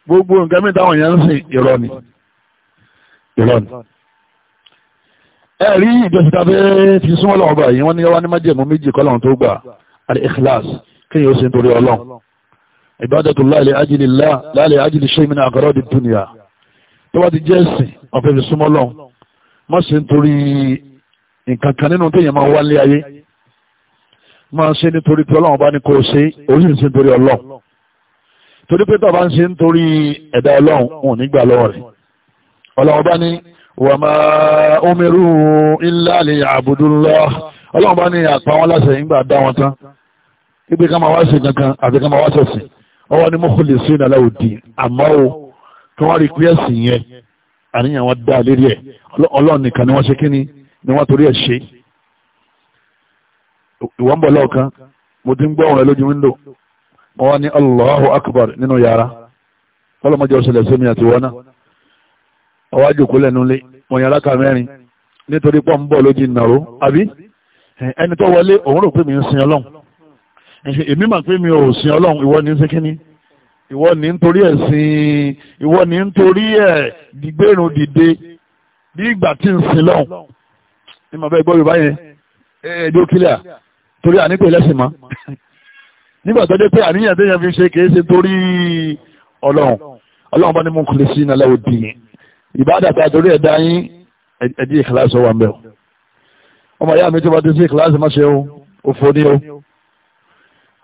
Speaker 1: gbogbo nǹkan mìíràn táwọn èèyàn ń sìn irọ́ ni irọ́ ni. ẹ rí ìjọsìn tá a fẹ́ fi súnmọ́ lọ́wọ́ báyìí wọ́n ní wá ní májèmú méjì kọ́lọ́run tó gbà al-ikhlas kéèyàn ó sì torí ọlọ́run ibadatullahi li ajli llah la li ajli shay'in min aghradi dunya tó bá ti jẹ́ ẹ̀sìn ọ̀fẹ́ fi súnmọ́ lọ́run má sì torí nǹkan kan nínú téèyàn máa wá lé ayé máa ṣe nítorí pé ọlọ́run bá ní kó o ṣe oríṣi ṣe nítorí ọlọ́run torí pé tó bá ń ṣe nítorí ẹ̀dá ọlọ́run wọn ò lọ́wọ́ rẹ̀ ọlọ́run bá ní wa ma umiru illa liya'budullah ọlọ́run bá ní àpá wọn láṣẹ ìgbà dá wọn tán ibi ká máa wá ṣe kankan àti ká máa wá ṣẹ̀sìn ọwọ́ ni mukhlisina lahu ddin àmọ́ o kí wọ́n rí pé ẹ̀sìn yẹn àníyàn wọn dá lérí ẹ̀ ọlọ́run nìkan ni wọ́n ṣe kíni ni wọ́n torí ẹ̀ ṣe ìwọ ń bọ̀ lọ́ọ̀kan mo ti ń gbọ́ ọ̀rọ̀ lójú wíńdò wọ́n wá ní Allahu Akbar nínú yàrá ọlọ́mọdé ọ̀sẹ̀lẹ̀ sómi àti wọ́n náà ọwọ́ àjòkó lẹ́nu lé wọ́n yàrá kà mẹ́rin nítorí pọ́ ń bọ̀ lójú ìnàró àbí ẹni tó wọlé òun rò pé mi ń sin ọlọ́run èmi mà pé mi ò sin ọlọ́run ìwọ ní sí kínní ìwọ ní nítorí ẹ̀ sin ìwọ ní nítorí ẹ̀ dìgbérun dìde bí ìgbà tí ń sin lọ́hùn ní màá bẹ́ gbọ́ yorùbá yẹn ẹ̀ẹ́dẹ́ kílíà torí ànípè lẹ́sìn mọ́ nígbà tó dé pé àníyàn tó yẹn fi ṣe kìí ṣe torí ọlọ́run ọlọ́run bá ní mú kùlé sí iná láwọ̀ dì a torí ẹ̀dá yín ẹ̀dí ìkìláàsì wà mbẹ́ o ọmọ ìyá mi tó bá ti sí ìkìláàsì má ṣe o òfò ní o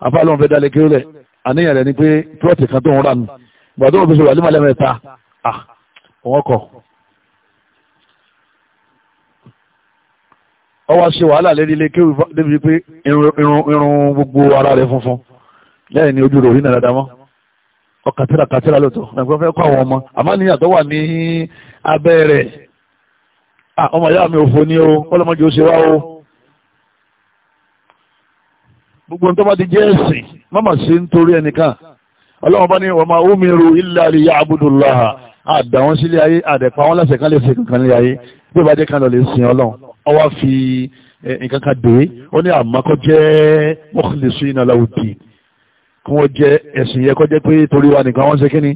Speaker 1: àfa lóun fẹ́ dalẹ̀ kéré rẹ̀ àníyàn rẹ̀ ni pé púrọ̀tì kan tó ń rà nù ìgbà tó ń fi ṣe wà ọwọ́ ṣe wàhálà lérí ilé kéwì débi pé irun gbogbo ara rẹ̀ funfun lẹ́yìn ni ojú rò rí náà dáadáa mọ́ ọkàtìrà kàtìrà lọ́tọ̀ nàìjíríà fẹ́ kọ́ àwọn ọmọ àmọ́ ní àtọ́ wà ní abẹ́ rẹ̀ ọmọ ìyá mi òfò ni o ọlọ́mọdé ó ṣe wá o gbogbo nǹkan bá ti jẹ́ ẹ̀sìn mọ́mà sí nítorí ẹnìkan ọlọ́wọ́n bá ní wama umiru illa liya'budullaha àdàwọn sílé ayé àdẹ̀pá wọn lásẹ̀ kan lè fi kankan lé ayé bí ó bá jẹ́ kan lọ lè sin ọlọ́run ọwọ́ fi nǹkan kan dè é ó ní àmọ́ kọ́ jẹ́ mukhlisina láwùjì kí wọ́n jẹ́ ẹ̀sìn yẹ kọ́ jẹ́ pé torí wa nìkan wọ́n ṣe kí ni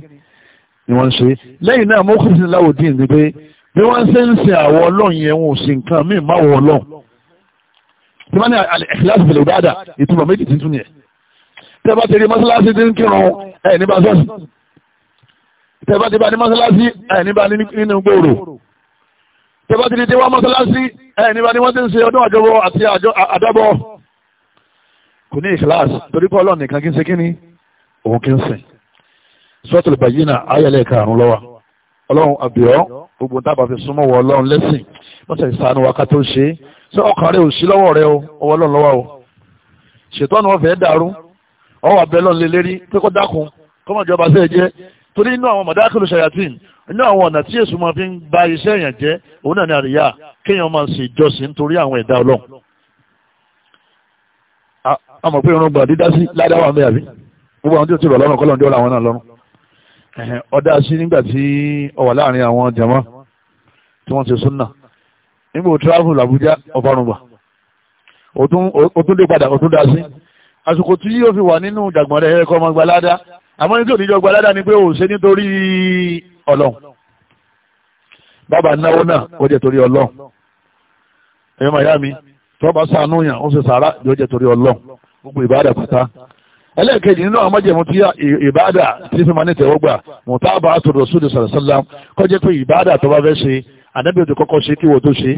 Speaker 1: ni wọ́n ṣe lẹ́yìn náà mukhlisina láwùjì ni pé bí wọ́n ṣe ń ṣe àwọ̀ ọlọ́run yẹn wọn ò sí nǹkan míì má wọ ọlọ́run tí wọ́n ní al-ikhlas fil ibada ìtumọ̀ méjì tuntun yẹn tẹ́ bá ti rí mọ́ṣáláṣí tí ń kírun ẹ̀ ní bá tẹ́ bá ti bá ní mọ́ṣáláṣí ẹ̀ ní nínú gbòòrò tẹ́bá ti di dé wá mọ́sálásí ẹ̀ nígbà ni wọ́n ti ń ṣe ọdún àjọwọ́ àti àdábọ̀ kò ní ìkìláàsì torí pé ọlọ́run nìkan kí ń ṣe kíní òun kí ń sìn sọ́ọ̀tù bàyínà ayẹlẹ̀ karùn-ún lọ́wọ́ ọlọ́run àbíọ́ gbogbo tábà fi súnmọ́ wọ ọlọ́run lẹ́sìn lọ́sẹ̀ ìsànú wa ká tó ṣe é sọ ọkàn rẹ ò sí lọ́wọ́ rẹ o ọwọ́ ọlọ́run lọ́wọ́ o ṣètọ́nù torí inú àwọn mọ̀dákìlù ṣayatin inú àwọn ọ̀nà tí èṣù máa fi ń ba iṣẹ́ èèyàn jẹ́ òun náà ni àríyá kéèyàn máa ṣe ìjọsìn nítorí àwọn ẹ̀dá ọlọ́run a mọ̀ pé irun gbà dídá sí ládàá wà mẹ́yàbí gbogbo àwọn tí ó ti rọ̀ lọ́rùn kọ́lọ́n dọ́ra àwọn náà lọ́rùn ọ̀dá sí nígbà tí ó wà láàrin àwọn jama tí wọ́n ṣe súnà nígbà ó travel Àbújá ọ̀farùngbà ó tún dé padà ó tún dá sí àsìkò tí yóò fi wà nínú ìdàgbọ̀n rẹ̀ ẹ̀kọ́ ọmọ gbalada àmọ́ ní tí ò ní jọ gba aládàá ni pé ò ṣe nítorí ọlọ́run bàbá náwó náà ó jẹ́ torí ọlọ́run ẹ̀yọ́ màyá mi tó bá sànú yàn ó ṣe sàárà yóò jẹ́ torí ọlọ́run gbogbo ìbáàdà pátá ẹlẹ́ẹ̀kejì nínú àwọn májẹ̀mú tí ìbáàdà tí fi máa ní tẹ̀wọ́gbà mùtáàbà àtòrò sódì sàrẹ̀sálà kọ́ jẹ́ pé ìbáàdà tó bá fẹ́ ṣe ànábì òtò kọ́kọ́ ṣe kí wo tó ṣe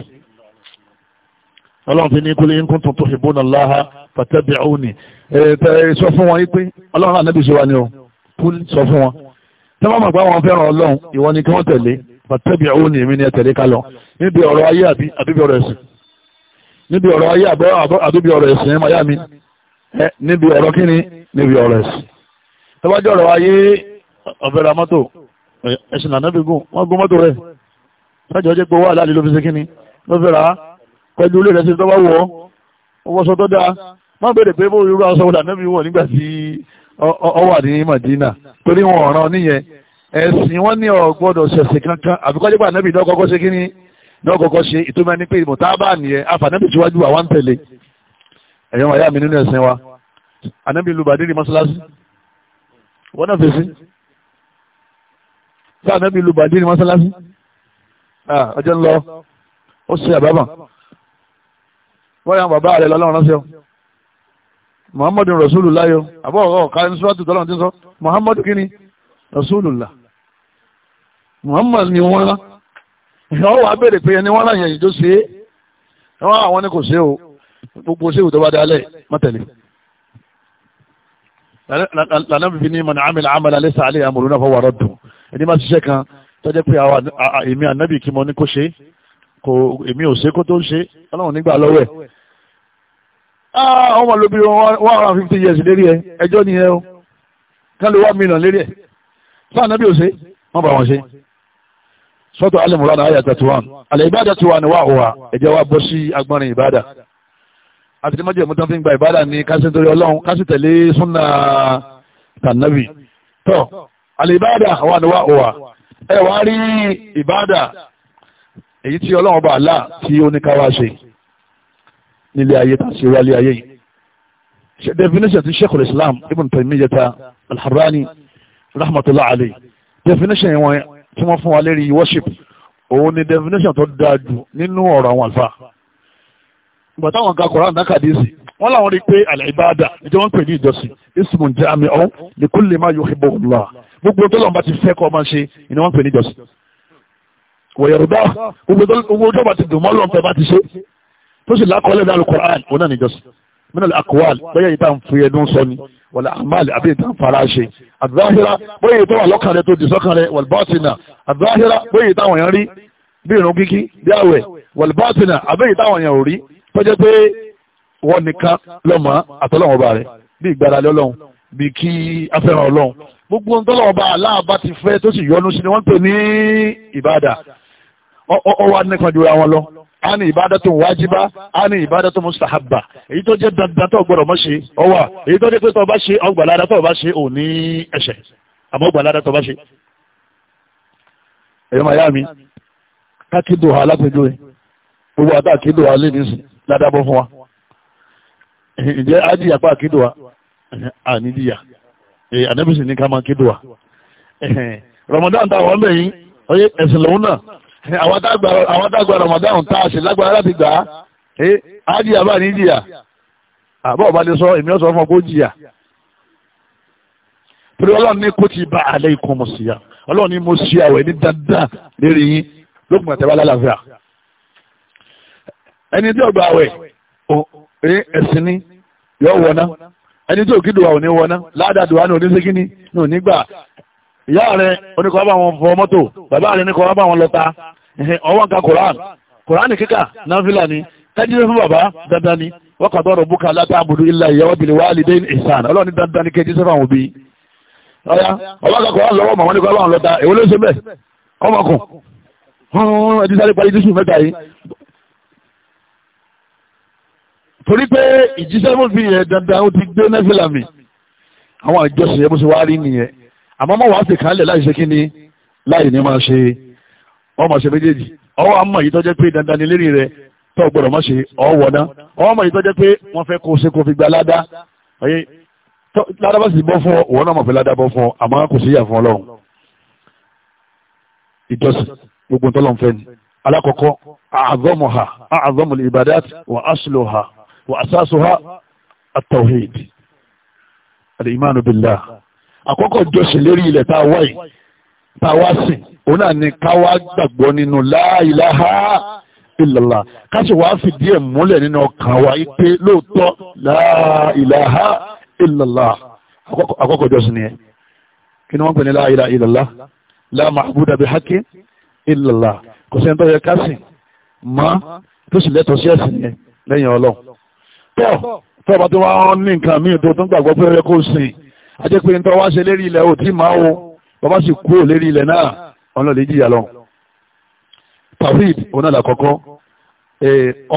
Speaker 1: ọlọ́run fi ní kúlé ń tuntun ìbónà láha fàtẹ́bì ọ̀hún ni sọ fún wọn yí pé ọlọ́run ànábì ṣe wa ni o kú sọ fún wọn tí wọ́n mọ̀ pé àwọn fẹ́ràn ọlọ́run ìwọ ni kí wọ́n tẹ̀lé pàtẹ́bì àwọn èmi ni ẹ tẹ̀lé ká lọ níbi ọ̀rọ̀ ayé àbíbi ọ̀rọ̀ ẹ̀sìn níbi ọ̀rọ̀ ayé àbíbi ọ̀rọ̀ ẹ̀sìn ẹ̀mọ̀ yá mi níbi ọ̀rọ̀ kíni níbi ọ̀rọ̀ ẹ̀sìn tó bá jẹ́ ọ̀rọ̀ ayé ọ̀fẹ́ ra mọ́tò ẹ̀sìn ànábì gùn wọ́n gún mọ́tò rẹ̀ sájọ́ jẹ́ pé owó àlàlé ló fi ṣe kíni ló fẹ́ pẹ̀lú olè rẹ̀ sí tó wọ̀ ọ́ wọ́sọ tó dáa má bèèrè pé bó irú aṣọ wọ̀là nẹ́bí wọ̀ nígbà tí ọ wà ní Madina torí wọn ọ̀ràn níyẹn ẹ̀sìn wọn ní ọ̀gbọ́dọ̀ ṣẹ̀ṣẹ̀ kankan àbíkọ́jọ́gbà anábì náà kọ́kọ́ ṣe kí ni náà kọ́kọ́ ṣe ìtumọ̀ ẹni pé mùtábà nìyẹn àfànàbì síwájú àwọn tẹ̀lé ẹ̀yọ́n àyà mi nínú ẹ̀sìn wa anábì lu bàdí ní mọ́ṣáláṣí wọ́n náà fèsì sáà anábì lu bàdí ní mọ́ṣáláṣí ọjọ́ ń lọ ó ṣe àbábà wọ́n yà bàbá rẹ̀ lọ́lọ́run ránṣẹ́ muhammadu rasulullah yo àbọ̀ ọ̀ka ní sọ́ọ́tù tọ́lọ́ ti sọ muhammadu kí ni rasulullah muhammad ni wọ́n rán ìyàwó wa béèrè pé ẹni wọ́n rán yẹn ìjọ ṣe é wọ́n àwọn ni kò ṣe o gbogbo ṣe ìwò tó bá dalẹ̀ mọ́tẹ̀lẹ̀ lànà bìbí ni mọ̀nà àmì àmàlà lẹ́sà àlẹ́ àmọ̀lú náà fọwọ́ rọ̀ dùn ẹni máa ṣiṣẹ́ kan tọ́jẹ́ pé àwọn èmi ànábì kí mo ní kó ṣe èmi ò ṣe kó tó ń ṣe ọlọ́run nígbà lọ́wọ́ ẹ̀ àwọn ah, ọmọ lóbi one hundred and fifty years lérí ẹ ẹjọ́ ni ẹ o kán lè wá mílíọ̀n lérí ẹ sáà nábì ò ṣe wọ́n bá wọn ṣe sọ́tọ̀ alimurana ayat thirty one àlẹ́ ìbáda ti wà ní wàhùn wa ẹ̀jẹ̀ wa bọ́ sí agbọ́nrin ìbáda àti tí mọ́jẹ̀ mọ́tàn fi ń gba ìbáda ní kásì torí ọlọ́run kásì tẹ̀lé súnà tànàbì tọ́ àlẹ́ ìbáda wà ní wàhùn wa ẹ wá rí ìbáda èyí tí ọlọ́run bá àlá tí ó ní ká wá ṣe nílé ayé tá a ṣe wálé ayé yìí ṣe definition ti sheikh islam ibn taymiyyata alharrani rahmatulah alayhi definition wọn tí wọ́n fún wa lérí worship òun ni definition tó dáa jù nínú ọ̀rọ̀ àwọn àlfà ìgbà táwọn ka koran náà kàdísì wọ́n làwọn rí pé àlàyébáàdà ìjọ wọn pè ní ìjọsìn ismun jami ọ́n ní kulli ma yuhibbuhullah gbogbo tó lọ́nba ti fẹ́ kọ́ máa ṣe ni wọ́n pè ní ìjọsìn wọ̀yẹ̀rù gbogbo tó lọ́nba ti dùn mọ́ lọ́nba ti ṣe tó sì lákọọ́lẹ̀ ní alukur'an òun náà níjọsìn min al-aqwal bóyá ìta ń fi ẹnu sọ ni wal a'mal àbí ìta ń fara ṣe az-zahira bóyá ìta wà lọ́kàn rẹ tó di sọ́kàn rẹ wal batina az-zahira bóyá ìta wọ̀nyẹn rí bí irun kíkí bí àwẹ̀ wal batina àbí ìta wọ̀nyẹn ò rí tó jẹ́ pé wọ́n nìkan lọ́mọ àtọ́lọ́wọ́n ọba rẹ̀ bí ìgbàlá lọ́lọ́run bí kí afẹ́ràn ọlọ́run gbogbo ohun aláàbá ti fẹ́ tó sì yọ́nú sí ni wọ́n ń pè ní ìbádà ọwọ́ adínẹ́kan jura wọn lọ a ní ìbádọ́tún wájíbá a ní ìbádọ́tún mustahabba èyí tó jẹ́ dandan tó gbọ́dọ̀ mọ́ ṣe ọwà èyí tó jẹ́ pé tó bá ṣe ọgbàládá tó bá ṣe ò ní ẹ̀ṣẹ̀ àmọ́ ọgbàládá tó bá ṣe. ẹ̀yọ́ màá yá mi kákìdò ha lápẹjọ ẹ gbogbo àtà àkìdò ha lè nísìn ládàbọ̀ fún wa ǹjẹ́ ájìyà pa àkìdò ha àníjìyà ànẹ́bìsì ní ká máa kìdò ha Ramadan táwọn mẹ́yìn ẹ̀sìn lòun náà àwọn tágbà Ramadan tá a ṣe lágbára láti gbà á á jìyà bá ní jìyà àbọ̀ ọba lè sọ èmi ọ̀sọ̀ ọmọ kó jìyà torí ọlọ́run ní kó ti bá alẹ́ ikú mo sì yà ọlọ́run ní mo ṣe àwẹ̀ ní dandan lérí yín lókùn àtẹ́wá lálàáfíà ẹni tí ọgbà àwẹ̀ ẹ̀sìn ni yọ wọná ẹni tí òkìdùwà ò ní wọná ládàdùwà ní oníṣẹ́gíní ní onígbà ìyá rẹ̀ oníkọ̀ bá wọn fọ mọ́tò bàbá rẹ̀ níkọ̀ bá wọn lọ́ta ọwọ́ nǹkan koran koran kíkà náfìlà ni tẹ́jú fún bàbá dandan ni wọ́n kà tọ́rọ̀ búkà látàbùdú ilẹ̀ ìyàwó bìlì wà lè dé ìsàn ọlọ́ni dandan ni kejì sẹ́fà òbí ọ̀yá ọwọ́ nǹkan koran lọ́wọ́ màwọn níkọ̀ bá wọn lọ́ta èwo ló ṣe bẹ́ẹ̀ ọmọkùn ẹ̀dí sáré parí jésù mẹ́ta yìí torí pé ìjísẹ́ fún fi yẹn dandan ó ti gbé náfìlà mi àwọn àjọṣe yẹn bó ṣe wá rí nìyẹn àmọ́ mọ̀ wàá sèkálẹ̀ láì ṣe kíni láì ní máa ṣe ọmọ ṣe méjèèjì ọwọ́ àmọ́ yìí tó jẹ́ pé dandan ni lérí rẹ tó gbọ́dọ̀ má ṣe ọwọ́ ná ọwọ́ àmọ́ yìí tó jẹ́ pé wọ́n fẹ́ kó ṣe kó fi gba ládá ọyẹ ládá bá sì bọ́ fún ọ òun náà mọ̀ fẹ́ ládá bọ́ fún ọ àmọ́ kò sí ìyà ọlọ́run ìjọsìn gbogbo tọ́lọ̀ fẹ́ ni alákọ̀ọ́kọ́ àzọ́mọ̀ha àkọ́kọ́ jọsìn lérí ilẹ̀ tá a wá yìí tá a wá sìn òun náà ni ká wá gbàgbọ́ nínú láìláha ìlàlá ká sì wá fìdí ẹ̀ múlẹ̀ nínú ọkàn wa pé lóòótọ́ láìláha ìlàlá àkọ́kọ́ jọsìn ni ẹ kí ni wọ́n pè ní láìláha ìlàlá la mahbuda bi haqqin illa Allah kò sẹ́ni tó yẹ ká sìn mọ́ tó sì lẹ́tọ̀ọ́ sí ẹ̀sìn yẹn lẹ́yìn ọlọ́run tọ́ tọ́ bá tó wá ní nǹkan míì tó tó ń gbàgbọ́ pé ó yẹ kó sìn ajẹ́ pé nítorí wá ṣe lérí ilẹ̀ ò tí máa wo bàbá sì kú ò lérí ilẹ̀ náà ọ̀nà lè jìyà lọ. tawhid òun náà làkọ́kọ́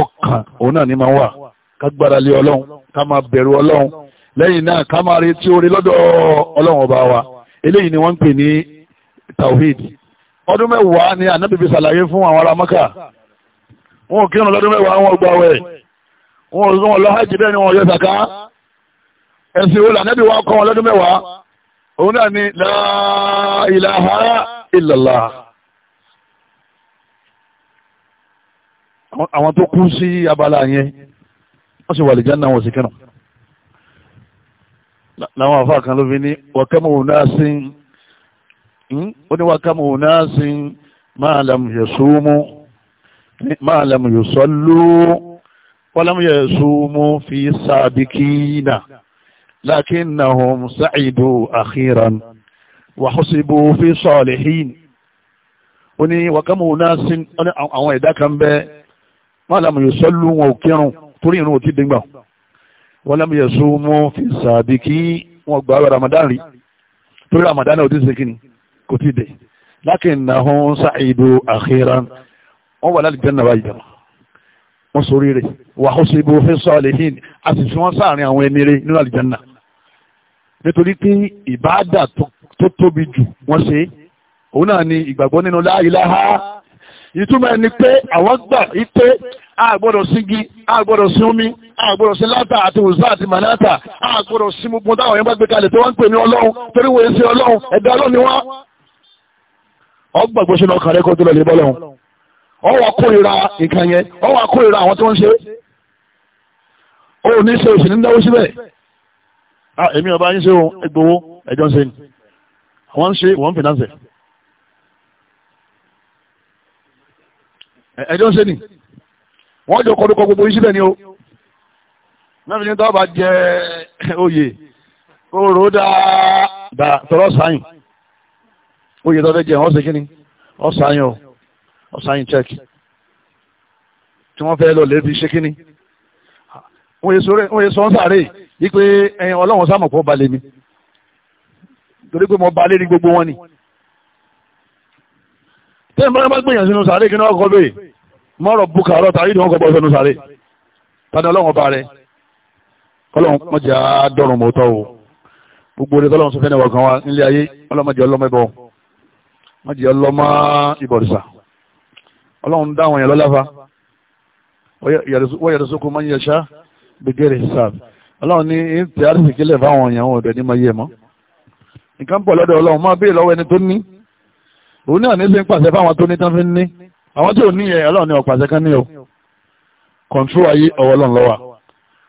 Speaker 1: ọkàn òun náà ni máa wà ká gbára lé ọlọ́run ká máa bẹ̀rù ọlọ́run lẹ́yìn náà ká máa retí oore lọ́dọ̀ ọlọ́run ọba wa eléyìí ni wọ́n ń pè ní tawhid ọdún mẹ́wàá ni ànábì fi ṣàlàyé fún àwọn ará Mákà wọn ò kírun lọ́dún mẹ́wàá wọn gbààwẹ̀ wọn ò lọ hajj bẹ́ẹ̀ ni wọn yọ ẹ̀sìn olè ànábì wa kọ́ wọn lọ́dún mẹ́wàá òun náà ni la ilaha illallah àwọn tó kú sí abala yẹn wọ́n sì wà lè jẹ́nà wọn sì kẹ́nà láwọn àfáà kan ló fi ní wàkámù náà sí ó ní wàkámù náà sí máa lam yasumu máa lam yusallu wọ́n lam yasumu fi sabikina. لكنهم سعدوا أخيرا وحسبوا في صالحين oni wakamu nasin oni àwọn ẹ̀dá kan bẹ malamu yusallu wọn ò kírun torí irun ò ti dìgbà walamu yasumu fi sadiki wọn gba ramadan rí torí ramadan ò ti ṣe kíni kò ti dé lakinnahum sa'idu akhiran wọn wà láti janna báyìí jama wọn sọ rírẹ wa husibu fi salihin a sì fi wọn sáàrin àwọn ẹni rẹ nínú àlìjánná nítorí pé ìbáàdà tó tóbi jù wọ́n ṣe òun náà ni ìgbàgbọ́ nínú láìláha ìtumọ̀ ẹni pé àwọn gbà ipé àgbọ́dọ̀ sígi àgbọ́dọ̀ sí omi àgbọ́dọ̀ sí látà àti òzá àti mànátà àgbọ́dọ̀ sí gbogbo táwọn yẹn bá gbé kalẹ̀ tó wọ́n ń pè ní ọlọ́run torí wòye sí ọlọ́run ẹ̀dá ọlọ́run ni wọ́n ọgbàgbọ́ sínú ọkàn rẹ̀ kó tó lọ lè bọ́lọ́run ọwọ́ kórìíra nǹkan yẹn ọwọ́ kórìíra àwọn tó ń ṣe ó ní ṣe òsì ní síbẹ̀ Ah, èmi ọba yín ṣe ohun ẹgbowó ẹjọ́ ń ṣe ni àwọn ń ṣe wọ́n ń finance ẹjọ́ ṣe ni wọ́n jọ kọ́dúkọ gbogbo yín ni o mẹ́rin ní tọ́ba jẹ eh, oyè oró dáadáa tọrọ sáyìn oyè tọ́fẹ́ jẹ wọ́n ṣe kí ni ọ̀sáyìn ọ̀sáyìn check tí wọ́n fẹ́ lọ lè ṣe kí ni wọ́n èso sáré wípé ẹ̀yìn ọlọ́run sáàmù pọ̀ balẹ̀ mi torí pé mo balẹ̀ ní gbogbo wọn ni tẹ́yìn bá gbìyànjú sínú sáré kí ní ọkọ̀ bẹ́ẹ̀ mọ́rọ̀ bukà ọ̀rọ̀ tàbí ìdíwọ́n kọ̀bọ̀ sínú sáré tani ọlọ́run ọba rẹ̀ ọlọ́run mọ̀jà dọ̀rùn mọ́tọ́ o gbogbo rẹ̀ tọ́lọ́run sọfẹ́ náà kan wá wọ́n yẹ̀rẹ̀ sókun mọ́ yẹ̀ṣá gbẹgẹrẹ hisab ọlọ́run ní ìtẹ àrísìkílẹ̀ fáwọn èèyàn wọn ọ̀dẹ̀ ní máa yẹ mọ́ nǹkan pọ̀ lọ́dọ̀ ọlọ́run máa béè lọ́wọ́ ẹni tó ní òun náà ní sí ń pàṣẹ fáwọn tó ní tán fi ń ní àwọn tí ò ní yẹ ọlọ́run ní ọ̀pàṣẹ kan ní o kọ̀ǹtró ayé ọwọ́ ọlọ́run lọ́wà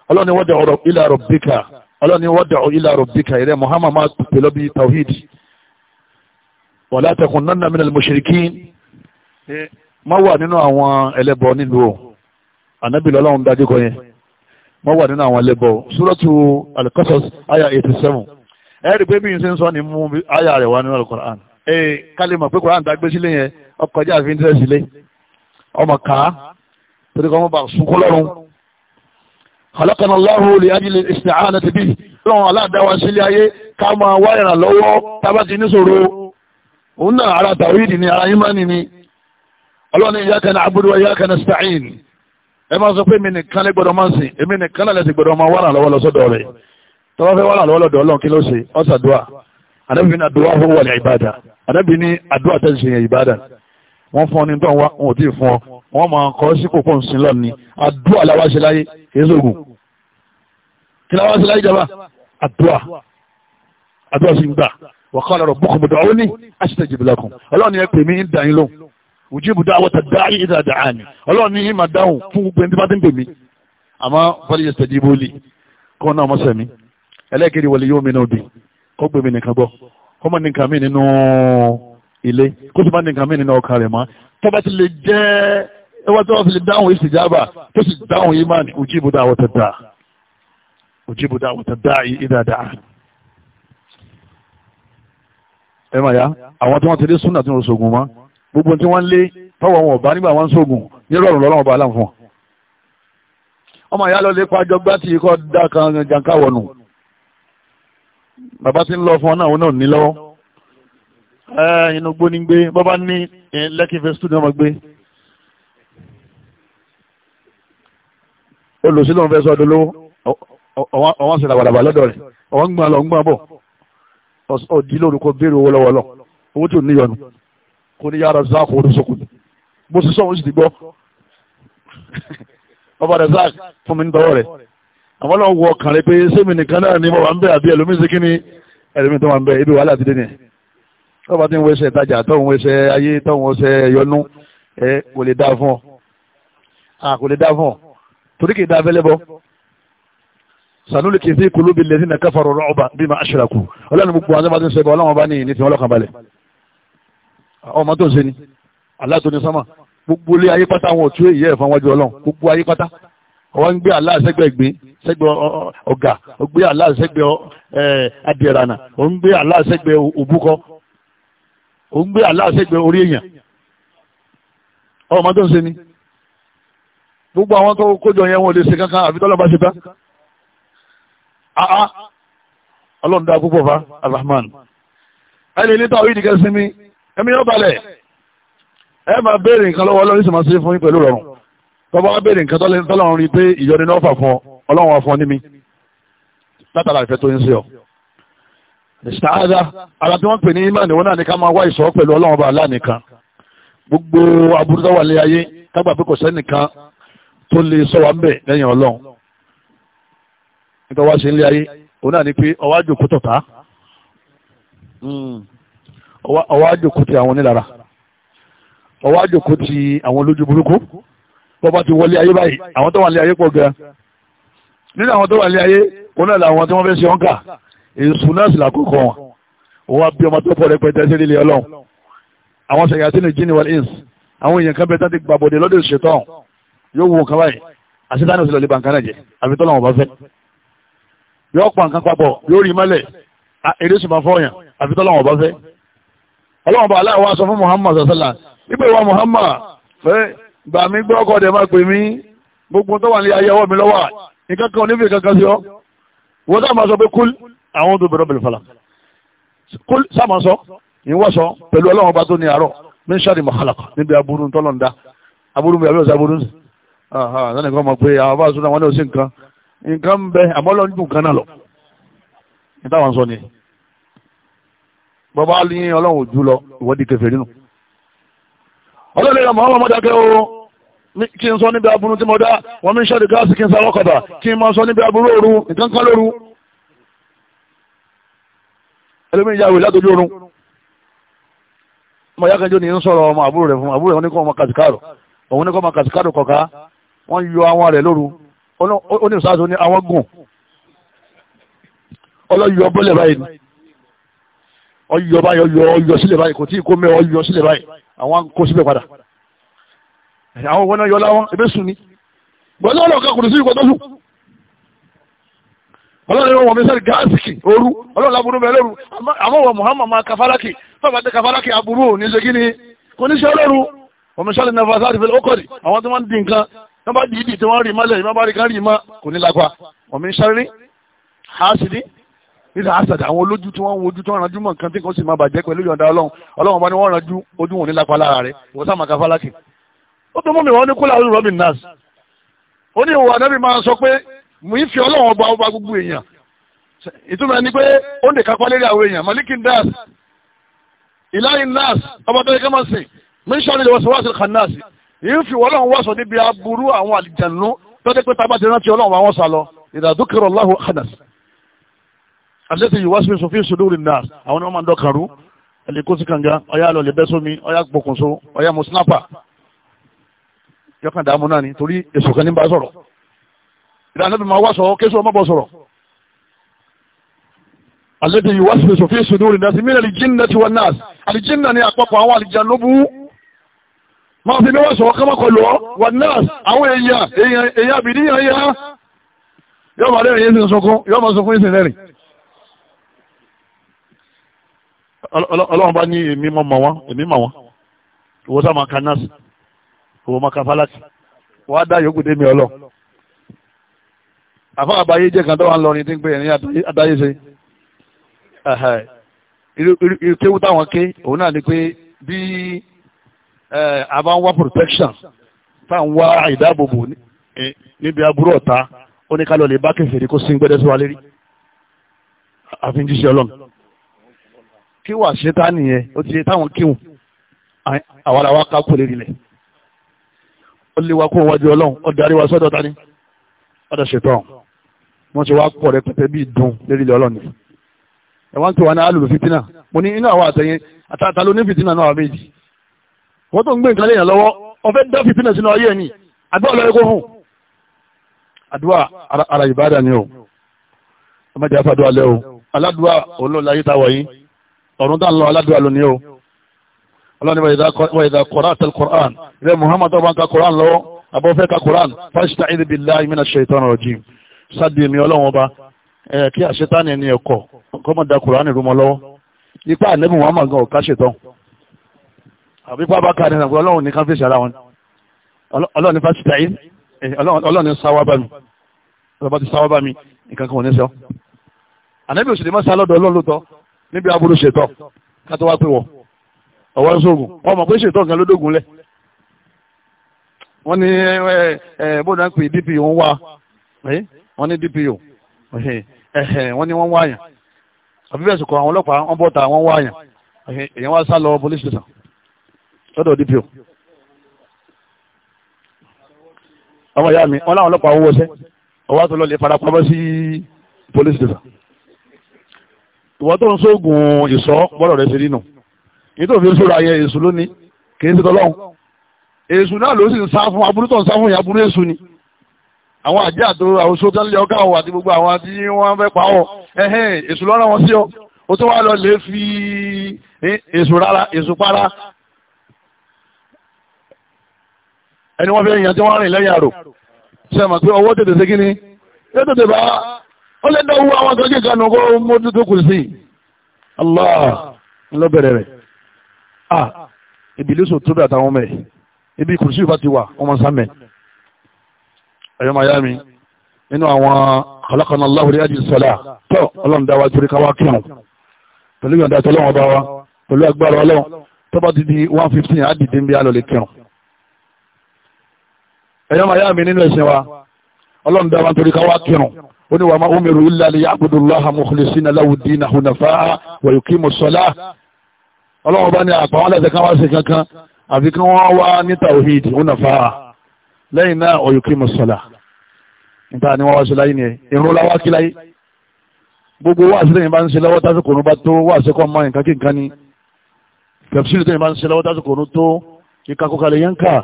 Speaker 1: ọlọ́run ní wọ́dà ọ̀rọ̀ ilà rọ̀bíkà ọlọ́run ní wọ́dà ilà rọ̀bíkà ìrẹ́ wọ́n wà nínú àwọn lẹ́bọ̀ ṣúrọ́tù alkọ́sọ́s àyà 87 ẹ̀rì pé bí n ṣe ń sọ ní mú àyà rẹ̀ wá nínú alukoran ee kálí mọ̀ pé koran dágbé sílé yẹn ọkọjá àfi ń tẹ́ sílé ọmọ ká torí kọ́ mọ́ bá sunkún lọ́rùn khalaqana Allahu li ajli al-isti'anati bihi lọ́wọ́n aláàdáwà sílé ayé ká máa wá ìrànlọ́wọ́ tábà ti níṣòro òun náà ara ẹ máa sọ pé èmi nìkan lè gbọ́dọ̀ máa ń sìn èmi nìkan lè sì gbọ́dọ̀ máa wà lọ́wọ́ lọ́sọ́dọ̀ rẹ̀ tọ́wọ́ fẹ́ wà lọ́wọ́ lọ́dọ̀ ọlọ́run kí ló ṣe ọ̀sàdúà àdàbí ní àdúrà fún wọlé ìbàdà àdàbí ní àdúrà tẹ́ ṣe yẹn ìbàdà wọ́n fún ọ ní tọ́wọ́ wọn ò tí ì fún ọ wọ́n máa kọ́ sí kókó ńsìn lọ ni àdúrà làwọn ṣe láyé èzògùn kí làwọn ṣe láyé jọba àdúrà àdúrà sì ń gbà wọ́n ujibu da'wata da'i idha da'ani ọlọ́run ní ìmà dáhùn fún gbogbo ẹni bá ti ń pèmí àmọ́ fọ́lì yastajibu li kọ́ náà mọ́ sẹ́mi ẹlẹ́kẹ̀rẹ́ wọlé yóò mìíràn bì kó gbèmí nìkan gbọ́ kó mọ́ nìkan mí nínú ilé kó sì má nìkan mí nínú ọkàn rẹ̀ mọ́ tó bá ti lè jẹ́ ẹwà tó wọ́n fi lè dáhùn istijaba tó sì dáhùn ìmà ujibu da'wata da'i ujibu da'wata da'i idha da'ani ẹ máa yá àwọn tí wọ́n ti rí súnà tí wọ́n sọ̀gùn mọ́ gbogbo tí wọ́n lé tọ́wọ́ wọn ọ̀bá nígbà wọn sógun nírọ̀rùn lọ́rọ̀ ọba aláǹfọ̀n ọmọ ìyá lọ́lé pàjọ gbá tí ikọ́ dá kan jàǹkà wọ̀nù bàbá tí ń lọ fún ọ náà òun náà ní lọ́wọ́ inú gbó ní gbé bọ́bá ní lẹ́kì fẹ́ stúdíò ọmọ gbé olùsí lóun fẹ́ sọ ọdún lówó ọwọ́n sì làwàlàwà lọ́dọ̀ rẹ̀ ọwọ́n gbọ́n lọ gbọ́n bọ̀ ọdí lórúkọ béèrè owó lọ́wọ́ lọ owó tí ò níyọnu kò ní yára zá kò orísokùn bó sì sọ̀rọ̀ sì ti gbọ́ ọba <laughs> rẹ̀ zá fún mi nítorí rẹ̀ àwọn náà wọ ọkàn rẹ̀ pé sẹ́mi nìkan náà ni mo wà ń bẹ̀ àbí ẹlòmíín sí kíni ẹlòmíín tó wà ń bẹ̀ ibi wàhálà ti dé ni ọba tí ń wẹsẹ̀ ìtajà tọ́hún wẹsẹ̀ ayé tọ́hún wẹsẹ̀ ẹ̀yọnú ẹ kò lè dá fún ọ kò lè dá fún ọ torí kì í dá abẹ́lẹ́ bọ́ sanulike fi kulubi lẹ́sìn náà káfàrọ̀ rọ́ọ̀bà bí ma aṣọ àkù ọlọ́run gbogbo àwọn ọmọdé ń sẹ́gbọ́ ọlọ́run bá ní ìní tí wọ́n lọ́kàn balẹ̀ ọmọ tó ń ṣe ni aláàtò ní sánmà gbogbo ilé ayé pátá àwọn òtún èyí ẹ̀fọn wájú ọlọ́run gbogbo ayé pátá ọwọ́ ń gbé aláà sẹ́gbẹ̀ gbé sẹ́gbẹ̀ ọ̀gà ó gbé aláà sẹ́gbẹ̀ adìrànà ó ń gbé aláà sẹ́gbẹ̀ òbúkọ ó ń gbé aláà sẹ́gbẹ̀ orí èèyàn ọmọ tó ń ṣe ni gbogbo àwọn tó kójọ yẹn wọn ò lè ṣe kankan àfi tọ́lọ́ ṣe tán ọlọ́run dá púpọ̀ fa alrahman ẹni ní ìdíkẹ́ sinmi ẹ̀mí yóò balẹ̀ ẹ máa béèrè nǹkan lọ́wọ́ ọlọ́run sì máa ṣe fún yín pẹ̀lú rọrùn tọ́ba wá béèrè nǹkan tọ́lọ́run rí pé ìyọni náà fà fún ọlọ́run wà ní mi látara ìfẹ́ tó ń ṣe ọ. ìṣáájá ara tí wọ́n pè ní imáà níwọ̀n náà ni ká máa wá ìṣọ́ pẹ̀lú ọlọ́run ọba aláà nìkan gbogbo aburú tó wà lé ayé tágbà pé kò sẹ́nìkan tó lè sọ wa ń lẹ́yìn ọlọ́run nítorí wá sí ilé ayé òun náà ni pé ọwájú kó ọwọ́ àjòkó ti àwọn onílára ọwọ́ àjòkó ti àwọn olójú burúkú bọ́bá ti wọlé ayé báyìí àwọn tó wà ní ayé pọ̀ gan nínú àwọn tó wà ní ayé wọn náà làwọn tí wọ́n fẹ́ ṣe ọ̀nkà èsù náà sì làkókò wọn òun àbí ọmọ tó pọ̀ rẹpẹtẹ sí ilé ọlọ́run àwọn sẹ̀yà sínú jíní wọlé ins àwọn èèyàn kan bẹ ti gbàbọ̀dé lọ́dọ̀ ìṣètọ́n yóò wo nǹkan báyìí àṣetánù sílẹ̀ lè ba náà jẹ àfi tọ́lọ̀ wọn bá fẹ́ yóò pa nǹkan papọ̀ yóò rí mọ́lẹ̀ eré sì máa fọ́ọ̀yàn àfi tọ́lọ̀ wọn bá fẹ́ ọlọ́run bá aláwọ̀ aṣọ fún muhammad sàṣàlà wípé ìwà muhammad pé gbà mí gbọ́ ọkọ̀ dẹ̀ máa pè mí gbogbo tó wà ní ayé ọwọ́ mi lọ́wọ́ nǹkan kan onífẹ́ kankan sí ọ wọ́n sáà máa sọ pé kúl àwọn tó bẹ̀rẹ̀ bẹ̀rẹ̀ fàlà kúl sáà máa sọ ìwọ́sọ pẹ̀lú ọlọ́run bá tó ní àárọ̀ min ṣáàdì mọ̀hálàkọ̀ níbi aburú tọ́lọ̀ndá aburú mi àbẹ́wọ̀sí aburú sí ọ̀hán ẹ̀kọ́ mọ̀ pé àwọn bá sọ́nà wọn ní bàbá ní ọlọ́run ojú lọ ìwọ́dí kẹfẹ́ nínú ọlọ́run ìyàmọ̀ ọmọ mọ́dákẹ́ o kí n sọ níbi aburú tí mo dá wọ́n mi ń ṣọ́dí gáàsì kí n sáré ọkọ̀dà kí n máa sọ níbi aburú òru nǹkan kan lóru ẹlẹ́mìí ìyá ìwé látọjú orun ọmọ yákanjọ́ ni ń sọ̀rọ̀ ọmọ àbúrò rẹ̀ fún àbúrò rẹ̀ wọ́n ní kọ́ ọmọ kàṣíkàrò ọyọ báyìí ọyọ ọyọ sílẹ̀ báyìí kò tí kò mẹ́ ọyọ sílẹ̀ báyìí àwọn kò síbẹ̀ padà àwọn wọn yọ láwọn ebe sùn ni bọ́lá ọlọ́ọ̀ká kò ní sí ìkọ́tọ́ sùn ọlọ́run ni wọ́n mi sẹ́ni ooru ọlọ́run laburú bẹ́ẹ̀ lóru àmọ́ wọ Muhammad ma kafaraki fẹ́ẹ̀ bá kafaraki aburú ní ṣe kíni kò ní ṣe ọlọ́run wọ́n mi sẹ́ni nàfàṣà àti fẹ́lẹ́ ọkọ̀rì di nǹkan tí wọ́n bá nígbà àṣàdà àwọn olójú tí wọ́n ń wojú tí wọ́n ranjú mọ̀ nǹkan tí kò sì máa bàjẹ́ pẹ̀lú ìyọ̀ǹda ọlọ́run ọlọ́run bá ní wọ́n ranjú ojú wọn ní lápá lára rẹ̀ ìwọ sáà máa ka fálákì. ó tó mú mi wọn ní kúlà olú robin nas ó ní ìwà anábì máa sọ pé mò ń fi ọlọ́run ọba ọba gbogbo èèyàn ìtumọ̀ ni pé ó ń dèkápá lérí àwọn èèyàn malikin nas ilayin nas ọba tó yẹ ká àṣẹ́sì yìí wá sí sọfí sódúrì náà àwọn ọmọ ọmọdé ọkàrú ẹ̀lẹ́kọ́ sí kànga ọyá lọ lè bẹ́ sómi ọyá pokùnso ọyá mo snapper yọkàn dààmú náà ni torí èso kan ní bá sọ̀rọ̀ ìdáná bí máa wá sọ kéṣù ọmọ bọ̀ sọ̀rọ̀ àṣẹ́sì yìí wá sí sọfí sódúrì náà sí mí àlìjínà ti wà náà àlìjínà ni àpapọ̀ àwọn àlìjà lóbú máa fi mẹ́wàá sọ̀rọ̀ kọ́mọ́kọ́ lọ wà náà àwọn èèyàn èèyàn àbìdíyàn yá yọ́ọ̀ máa lẹ́rìn yín ọlọ́run bá ní èmi mọ̀ mọ̀ wọn èmi mọ̀ wọn owó sáà máa ka nọ́ọ̀sì owó máa ka fálákì wọ́n á dá yòókù dé mi ọlọ́ àfọ́ àbáyé jẹ́ kan tó wà ń lọrin tí ń pè ní adáyé ṣe kéwú táwọn ké òun náà ni pé bí a bá ń wá protection tá à ń wá ìdáàbòbò níbi aburú ọ̀tá ó ní ká lọ lè bá kẹfẹ́ kó sí ń wa lérí àfi ń jíṣẹ́ ọlọ́run kí wà ṣetá nìyẹn ó ti ṣe táwọn kíhùn àwọn àwọn akápò lè rilẹ̀ ó lé wa kó wájú ọlọ́run ó darí wa sọ́dọ̀ tani ọ̀dọ̀ ṣetán wọ́n ti wá pọ̀ rẹ pẹ̀tẹ́ bí dùn lérí ilẹ̀ ọlọ́run ẹ̀ wọ́n ń pè wá ní alùlù fitina mo ní inú àwọn àtẹ̀yìn àtàtà ló ní fitina náà méjì wọ́n tó ń gbé nǹkan léèyàn lọ́wọ́ ọ̀fẹ́ dá fitina sínú ayé ẹ̀ àdúrà lọ́yẹ́ kó hùn àdúrà ara ìbádà ni o ọmọdé afádùn alẹ́ o aládùúrà olóòlà yìí táwọ̀ yìí ọ̀run tá ń lọ aládùúgbò lónìí o ọlọ́ni wàyídà kọ́rá àti kọ́rán ilé muhammad ọba ń ka kọ́rán lọ́wọ́ abọ́fẹ́ ka kọ́rán fásitì àìdìbìlá ìmìnà ṣètọ́nà rọ̀jìm sáàdì èmi ọlọ́run ọba kí àṣetánì ẹni ẹ̀kọ́ kọ́mọ̀dá kọ́rán ìrúmọ lọ́wọ́ ipa ànẹ́bù muhammad gan ọ̀ká ṣetán àbípa bá ka nínú ọlọ́run nìkan fèsì ara wọn ọlọ́ni fásitì àyè ọlọ́ni sáwábà mi ọlọ́ba ti sáwábà mi nǹkan kan níbi aburú ṣètọ́ kátó wá pé wọ ọwọ́ ń sóògùn wọ́n mọ̀ pé ṣètọ́ nǹkan ló dógùn lẹ̀ wọ́n ní bóńdà ń pè dp òun wá o ní dpo wọ́n ní wọ́n wá àyàn àbí bẹ́ẹ̀ sùkọ́ àwọn ọlọ́pàá wọ́n bọ́ta wọ́n wá àyàn èèyàn wá sá lọ police station lọ́dọ̀ o ọmọ ìyá mi wọ́n láwọn ọlọ́pàá owó ọṣẹ́ ọwọ́ tó lọ lè sí police station ìwọ tó ń sóògùn ìsọ bọ́lọ̀ rẹ̀ ṣe rí nù èyí tó fi ń sóra yẹ èṣù lónìí kì í ṣe tọ́lọ́hún èṣù náà ló sì ń sá fún aburú tó ń sá fún ìyàbúrú èṣù ni àwọn àjẹ́ àtò àwọn oṣù tẹ́lẹ̀ ọgá ọ̀ àti gbogbo àwọn tí wọ́n fẹ́ pa ọ̀ ẹ̀hẹ́n èṣù lọ́rọ̀ wọn sí ọ ó tó wá lọ lè fi èṣù rárá èṣù para ẹni wọ́n fẹ́ yàn tí wọ́n rìn lẹ́yìn àrò ṣe mọ̀ pé ọwọ́ tètè ṣe kí ni tètè bá ó àwọn tó kíkà nù kó mú tútù kù sí Allah ló bẹ̀rẹ̀ rẹ̀ ah ìbílísù tó bẹ̀ àtàwọn ọmọ ibi kùrùsí ìbá ti wà ọmọ sámẹ̀ ẹ̀yọ́ miami nínú àwọn alákanà aláwòrán yájú sọlá tó ọlọ́run dáwà torí káwá kírun pẹ̀lú yọ̀ǹda tó lọ́wọ́ bá wa pẹ̀lú agbára di one fifteen àdìdí ń bí alọ́lẹ̀ kírun ẹ̀yọ́ miami nínú ẹ̀sìn wa ọlọ́run dáwà torí káwá kírun ó ní wa ma umiru illa liya'budullaha mukhlisina lahu dina hunafa wa yuqimu salah ọlọ́run bá ní àpá wọn lẹ́sẹ̀ kan wá sí kankan àfi kí wọ́n wá ní tawhid hunafa lẹ́yìn náà wa yuqimu salah níta ni wọ́n wá sí láyé ni ìrún láwá kí láyé gbogbo wá sí lẹ́yìn bá ń ṣe lọ́wọ́ tásìkò ní bá tó wá sí kọ́ mọ́ nǹkan kí nǹkan ni tẹ̀sílì tẹ́yìn bá ń ṣe lọ́wọ́ tásìkò ní tó ìkakọ̀kalẹ̀ yẹn ń kà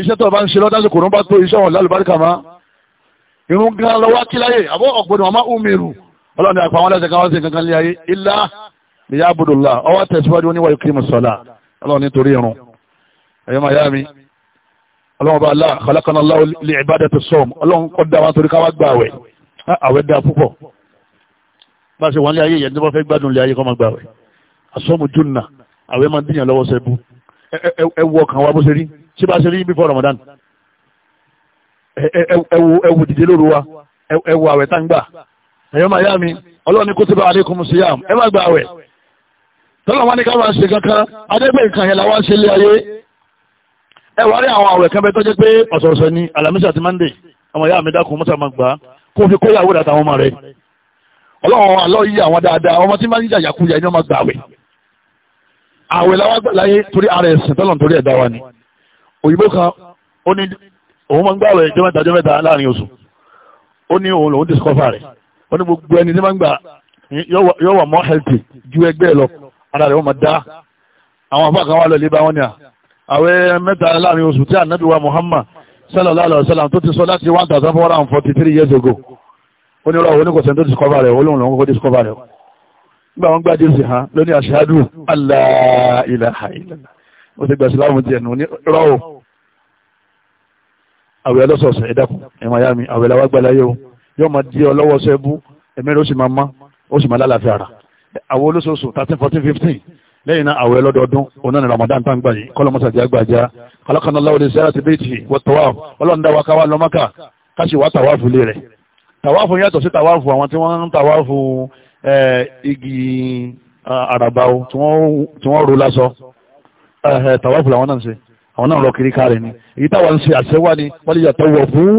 Speaker 1: iṣẹ́ tó bá ń ṣe lọ́wọ́ tásìkò ní bá tó iṣẹ́ wọn lálùbáríkà máa irun gan lọ́wọ́ kí láyé àbọ̀ ọ̀gbọ̀dọ̀ ọmọ umiru ọlọ́run ní àpá wọn lẹ́sẹ̀ kan wọ́n sì kankan lé ayé ilá ìyá abudulá ọwọ́ tẹ̀síwájú oníwà ìkírìmù sọ̀lá ọlọ́run nítorí irun ẹ̀yọ́ màá yá mi ọlọ́run bá alá kọlákaná láwọ lè ìbádẹ́ tó sọ́ọ̀m ọlọ́run kọ́ da wọn torí káwá gba àwẹ̀ àwẹ̀ da púpọ̀ bá a ṣe wọn lé ayé yẹn tí wọ́n gbádùn lé ayé kọ́ máa gba àwẹ̀ asọ́mu júnà àwẹ̀ máa díyàn lọ́wọ́ sẹ́bù ẹ wọ kàn wá bó ṣe rí ṣé bá ṣe rí bí fọ́ Ramadan ẹwù dìde lóru wa ẹwù àwẹ̀ tá ń gbà ẹ̀yọ́ máa yá mi ọlọ́run ní kutiba alaykum siyam ẹ má gba àwẹ̀ tọ́lọ̀ wọn ní ká máa ṣe kankan adébẹ̀ nǹkan yẹn làwọn ṣe lé ayé ẹ wá rí àwọn àwẹ̀ kan bẹ tó jẹ́ pé ọ̀sọ̀ọ̀sọ̀ ni alamisa àti mande ọmọ ìyá mi dákun mọ́tà máa gbà á kó fi kóyàwó dàtàwọn ọmọ rẹ̀ ọlọ́run àlọ́ yí àwọn dáadáa ọmọ tí máa ń jàyàkúyà ni wọ́n máa gbà àwẹ̀ àwẹ̀ làwọn àgbà láyé torí ara ẹ̀sìn tọ́lọ̀ torí ẹ̀dá wa ni òyìnbó kan ó ní òun máa ń gbàwẹ̀ jẹ́ mẹ́ta jẹ́ mẹ́ta láàrin oṣù ó ní òun lòun discover rẹ̀ ó ní gbogbo ẹni tí máa gbà yóò wà more healthy ju ẹgbẹ́ lọ ara rẹ̀ wọ́n máa dá àwọn afọ àkàwọn àlọ́ ìlébá wọn ni à àwẹ̀ mẹ́ta láàrin oṣù tí ànábì wa Muhammad sallallahu alayhi wa sallam tó ti sọ láti one thousand four hundred and forty three years ago ó ní ọlọ́wọ́ oníkọ̀sẹ̀ tó discover rẹ̀ olóhùn lòun kò discover rẹ̀ nígbà wọn gbá jésù hàn lónìí ashhadu alla ilaha illallah ó ti gbà àwẹ̀ ọlọ́sọ̀ọ̀sẹ̀ ẹ̀dàkùn ẹ̀mọ̀ ayá mi àwẹ̀ làwọn gbà o yóò máa di ọlọ́wọ́ sẹ́bú ẹ̀mí rẹ̀ ó sì máa má ó sì máa lálàáfíà rà àwọ̀ olóṣooṣù thirteen fourteen fifteen lẹ́yìn náà àwẹ̀ ọlọ́dọọdún òun Ramadan tá ń gbà yìí kọ́lọ́mọ́sàdì àgbàjá kọ́lọ́kànlá òde sẹ́yà ti bẹ́ẹ̀tì wọ́tọ̀wá ọlọ́run dáwà káwá lọ́mọ́kà káṣí wá tàwáàfù ilé rẹ̀ tàwáàfù yàtọ̀ sí tàwáàfù àwọn tí wọ́n àwọn náà lọ kiri káàrẹ̀ ni èyí táwọn ń ṣe àṣẹwà ni wọ́n lè yàtọ̀ wọ̀ fún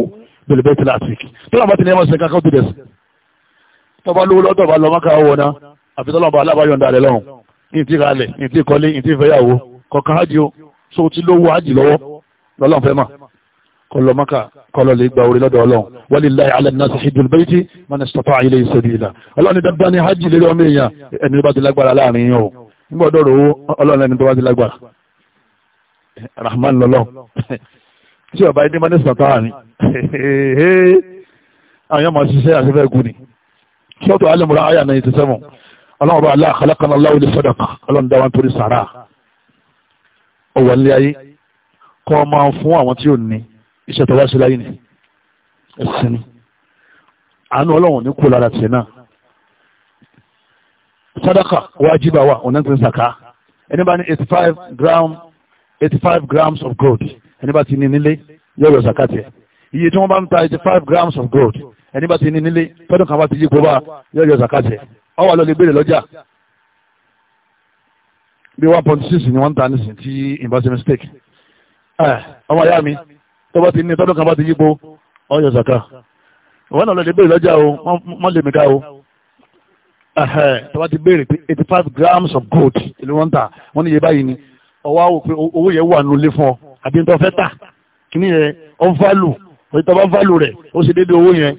Speaker 1: bèlèbè tí láàtìkì tó làwọn ti ní ẹmọ sẹ́ka kọ́tù dẹ̀sì tọba lówó lọ́dọ̀ bá lọ́mọ́ ká wọ̀ náà àfi tọ́lọ́mọ alábáyọ̀ndà rẹ̀ lọ́hùn ní ti kalẹ̀ ní ti kọ́lé ní ti fẹ́yàwó kọ̀ọ̀kan hájì o so ti lówó hájì lọ́wọ́ lọ́lọ́n fẹ́ mà kọlọmọka kọlọ lè orí lọ́dọ̀ ọlọ́run wọ́n lè láyé alẹ́ náà ṣe tí wọ́n ní sọ́tọ́ ilé ìlà ọlọ́run dandan ní hajj lórí ọmọ èèyàn ẹni tó bá ti lágbára láàrin yìí nígbà ọdọ́ rò ó ọlọ́run ẹni tó bá ti lágbára rahman lọ́lọ́ tí ọba ẹni máa ní sàtáà ni àwọn yóò máa ṣiṣẹ́ àṣẹfẹ́ gùn ni sọ́tọ̀ alẹ́mùrá àyà náà ti sẹ́wọ̀n ọlọ́run bá aláà kálákanná láwùlé sọ́dọ̀kà ọlọ́run dá wa nítorí sàrà ọwọ́ nílé ayé kọ́ ọ máa fún àwọn tí ò ní iṣẹ́ tó wá sí láyé ni ẹ̀sìn ni àánú ọlọ́run ní kú lára tiẹ̀ náà sàdákà wájibà wà ọ̀nà tó ń sàká ẹni bá ní eighty five gram 85 grams of gold Anybody in ti ní nílé yóò yọ zakati ẹ̀ iye tí wọ́n bá ń ta eighty grams of gold Anybody in ti ní nílé fẹ́dùn kan bá ti yí kó bá yóò yọ zakati ẹ̀ ọ wà lọ́lẹ̀ gbére lọ́jà bí one point six ni wọ́n ń ta nísìnyí tí ìbá ṣe mistake eh, ọmọ ìyá mi tó bá ti ní tọ́dún kan bá ti yípo ọ yọ zaka ìwọ́n náà lọ́lẹ̀ gbére lọ́jà o wọ́n lè mí ká o eh, eh, tó ti béèrè pé grams of gold ìlú wọn ń ta wọ́n ní iye báyìí ni ọwọ́ àwọn òpin owó yẹn wà nulé fún ọ àbí tó fẹ́ tà kíní yẹn ọ fálù òyìntàn bá rẹ̀ ó sì déédéé owó yẹn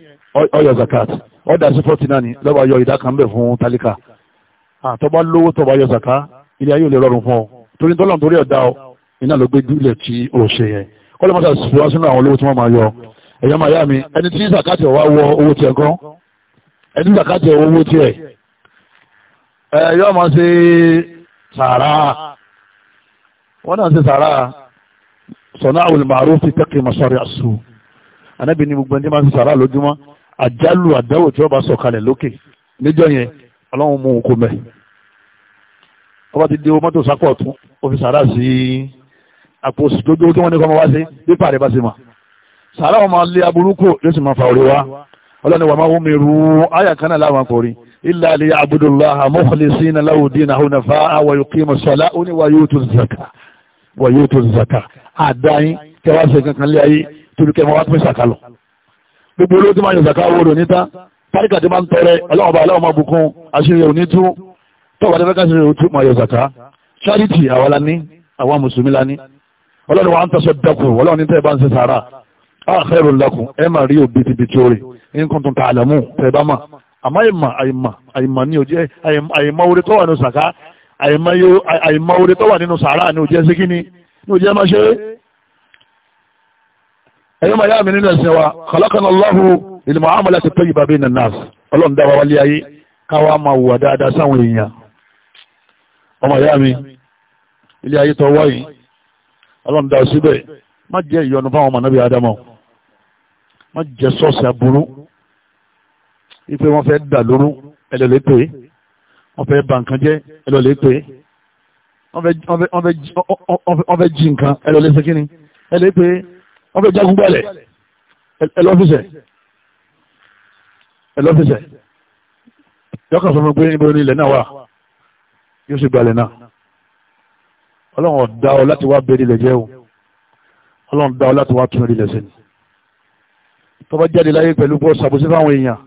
Speaker 1: ọyọ zakat ọdà sí fọ́tì náà ni lọ́ba yọ ìdá kan bẹ̀ fún tálíkà àtọ́ba lówó tọ́ba yọ zaka ilé ayé ò lè rọrùn fún ọ torí tọ́lọ̀ torí ọ̀dà ọ iná ló gbé ilẹ̀ tí ó ṣe yẹn kọ́lọ́ mọ́tà sì wá sínú àwọn olówó tí wọ́n máa yọ ẹ̀yọ́ máa yá mi ẹni tí zakati ọ̀wá wọ owó tiẹ̀ gan ẹni tí zakati ọ̀wọ́ owó tiẹ̀ ẹ̀yọ́ máa ṣe sàrà wọ́n náà ń ṣe sàárà sọ̀nà àwòlè màrú fi tẹ́kì masọ́rí àṣù anábì ní gbogbo ẹni máa ń ṣe sàárà lójúmọ́ àjálù àdáwò tí wọ́n bá sọ̀ kalẹ̀ lókè níjọ́ yẹn ọlọ́run mú un kò mẹ́ wọ́n bá ti di mọ́tò sápọ̀ tún ó fi sàárà sí àpò òsìdójú tí wọ́n ní kọ́ máa wá sí bí pàrẹ̀ bá ṣe mà sàárà wọn máa lé aburúkú yóò sì máa fa òrè ọlọ́ni wà máa wọ́n mi rú àyà kan náà láwọn akọrin illa liya'budu Allaha mukhlisina lahu dinahu hunafa wa yuqimu as-salata wa yu'tu az-zakata wọ̀ yóò tó zaka àdáyín kẹwàá ṣe kankan lé ayé torí kẹwàá wá pín zaka lọ gbogbo olóòtú máa yọ zaka owó rò níta táríkà tí máa ń tọrẹ ọlọ́wọ́ba aláwọ̀ máa bùkún àṣírí òní tú tọ́wọ́ adẹ́fẹ́ ṣe òtú máa yọ zaka charity àwa la ní mùsùlùmí la ọlọ́run wa ń tọ́sọ dẹ́kun ọlọ́run ní tẹ́ ẹ bá ń ṣe sàárà àkẹ́rù lakùn ẹ máa rí òbítíbitì orí ní kùntùn tààlàmù tẹ́ ẹ bá mà àmọ́ àìmà àìmà àìmà ní òjẹ́ àìmà orí tọ́wọ́ ní sàká àìmọ orí tó wà nínú sàárà ní òjẹ́ sí kíní ní òjẹ́ máa ṣe ẹ̀yọ́ máa yá mi nínú ẹ̀sìn wa khalaqana Allahu lil mu'amalati at-tayyiba bayna an-nas ọlọ́run dá wa wálé ayé káwa máa wùwà dáadáa sáwọn èèyàn ọmọ ìyá mi ilé ayé tó wáyé ọlọ́run dá síbẹ̀ wọ́n fẹ́ ba nǹkan jẹ́ ẹ lọ lè pè é wọ́n fẹ́ jí nǹkan ẹ lọ lè ṣe kí ni ẹ lè pè é wọ́n fẹ́ jagun gbọ́lẹ̀ ẹ lọ́fíìsẹ̀ ẹ lọ́fíìsẹ̀ yọkàn sọ fún pé níbo ni ilẹ̀ náà wà yóò sì gbalẹ̀ náà ọlọ́run ọ̀dá ọ láti wá bẹ̀rẹ̀ ilẹ̀ jẹ́ o ọlọ́run dá ọ láti wá tún ilẹ̀ sí ni tọ́ba jáde láyé pẹ̀lú bọ́ọ̀sì àbòsí fáwọn èèyàn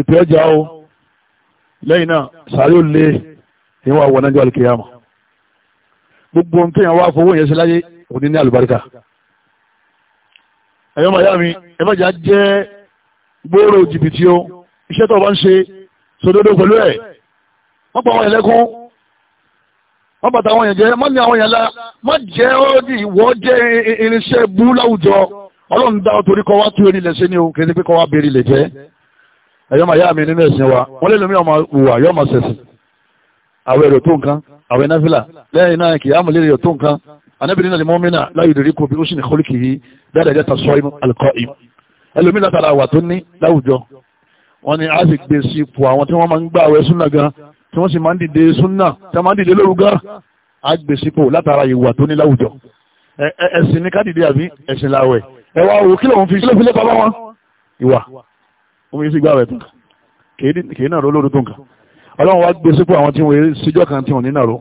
Speaker 1: ìpè ọjà o lẹ́yìn náà sàárè ó lé ìyẹn wà wọ̀n nájọ́ alìkèyàmọ̀ gbogbo ohun tó yẹn wá fowó yẹn sí láyé òní ní àlùbáríkà ẹ̀yọ́ màyá mi ẹ̀fẹ́jà jẹ́ gbòòrò jìbìtì o iṣẹ́ tó o bá ń ṣe sódodo pẹ̀lú ẹ̀ wọ́n pa àwọn yẹn lẹ́kún wọ́n bàtà àwọn yẹn jẹ́ má ní àwọn yẹn la má jẹ́ ó di ìwọ́ jẹ́ irinṣẹ́ bú láwùjọ ọlọ́run dá ọ torí kọ́ wá tú erin sí ni o kì í ṣe pé kọ́ wá bẹ̀rẹ̀ lẹ̀ jẹ́ ẹ̀yọ́ máa yá mi nínú ẹ̀sìn wa wọ́n lè lómi ọmọ wùwà yọ́ máa sẹ̀sìn àwẹ̀ èrò tó nǹkan àwẹ̀ náfìlà lẹ́yìn náà kì í àmọ̀ lérè tó nǹkan anábìrì náà lè mọ́ mínà láyé ìdòrí kò bí ó sì ní kọ́lù kìí dáadáa jẹ́ta sọ alùkọ́ im ẹlòmí látara àwà tó ní láwùjọ wọ́n ní a sì gbé sí ipò àwọn tí wọ́n máa ń gbà àwẹ̀ súnà gan tí wọ́n sì máa ń dìde súnà tí wọ́n máa ń dìde lóru gan a gbé sí ipò látara ìwà tó ní láwùjọ ẹ̀sìn ní ká dìde àbí ẹ̀sìn láwẹ̀ ẹ̀wà òwò kí lóun fi sílẹ̀ fílẹ̀ bàbá wọn ìwà omi yìí sì gbà wẹ̀tàn kì í nàró lórí tó nǹkan ọlọ́run wá gbé sípò àwọn tí wọ́n síjọ́ kan tí wọ́n ní nàró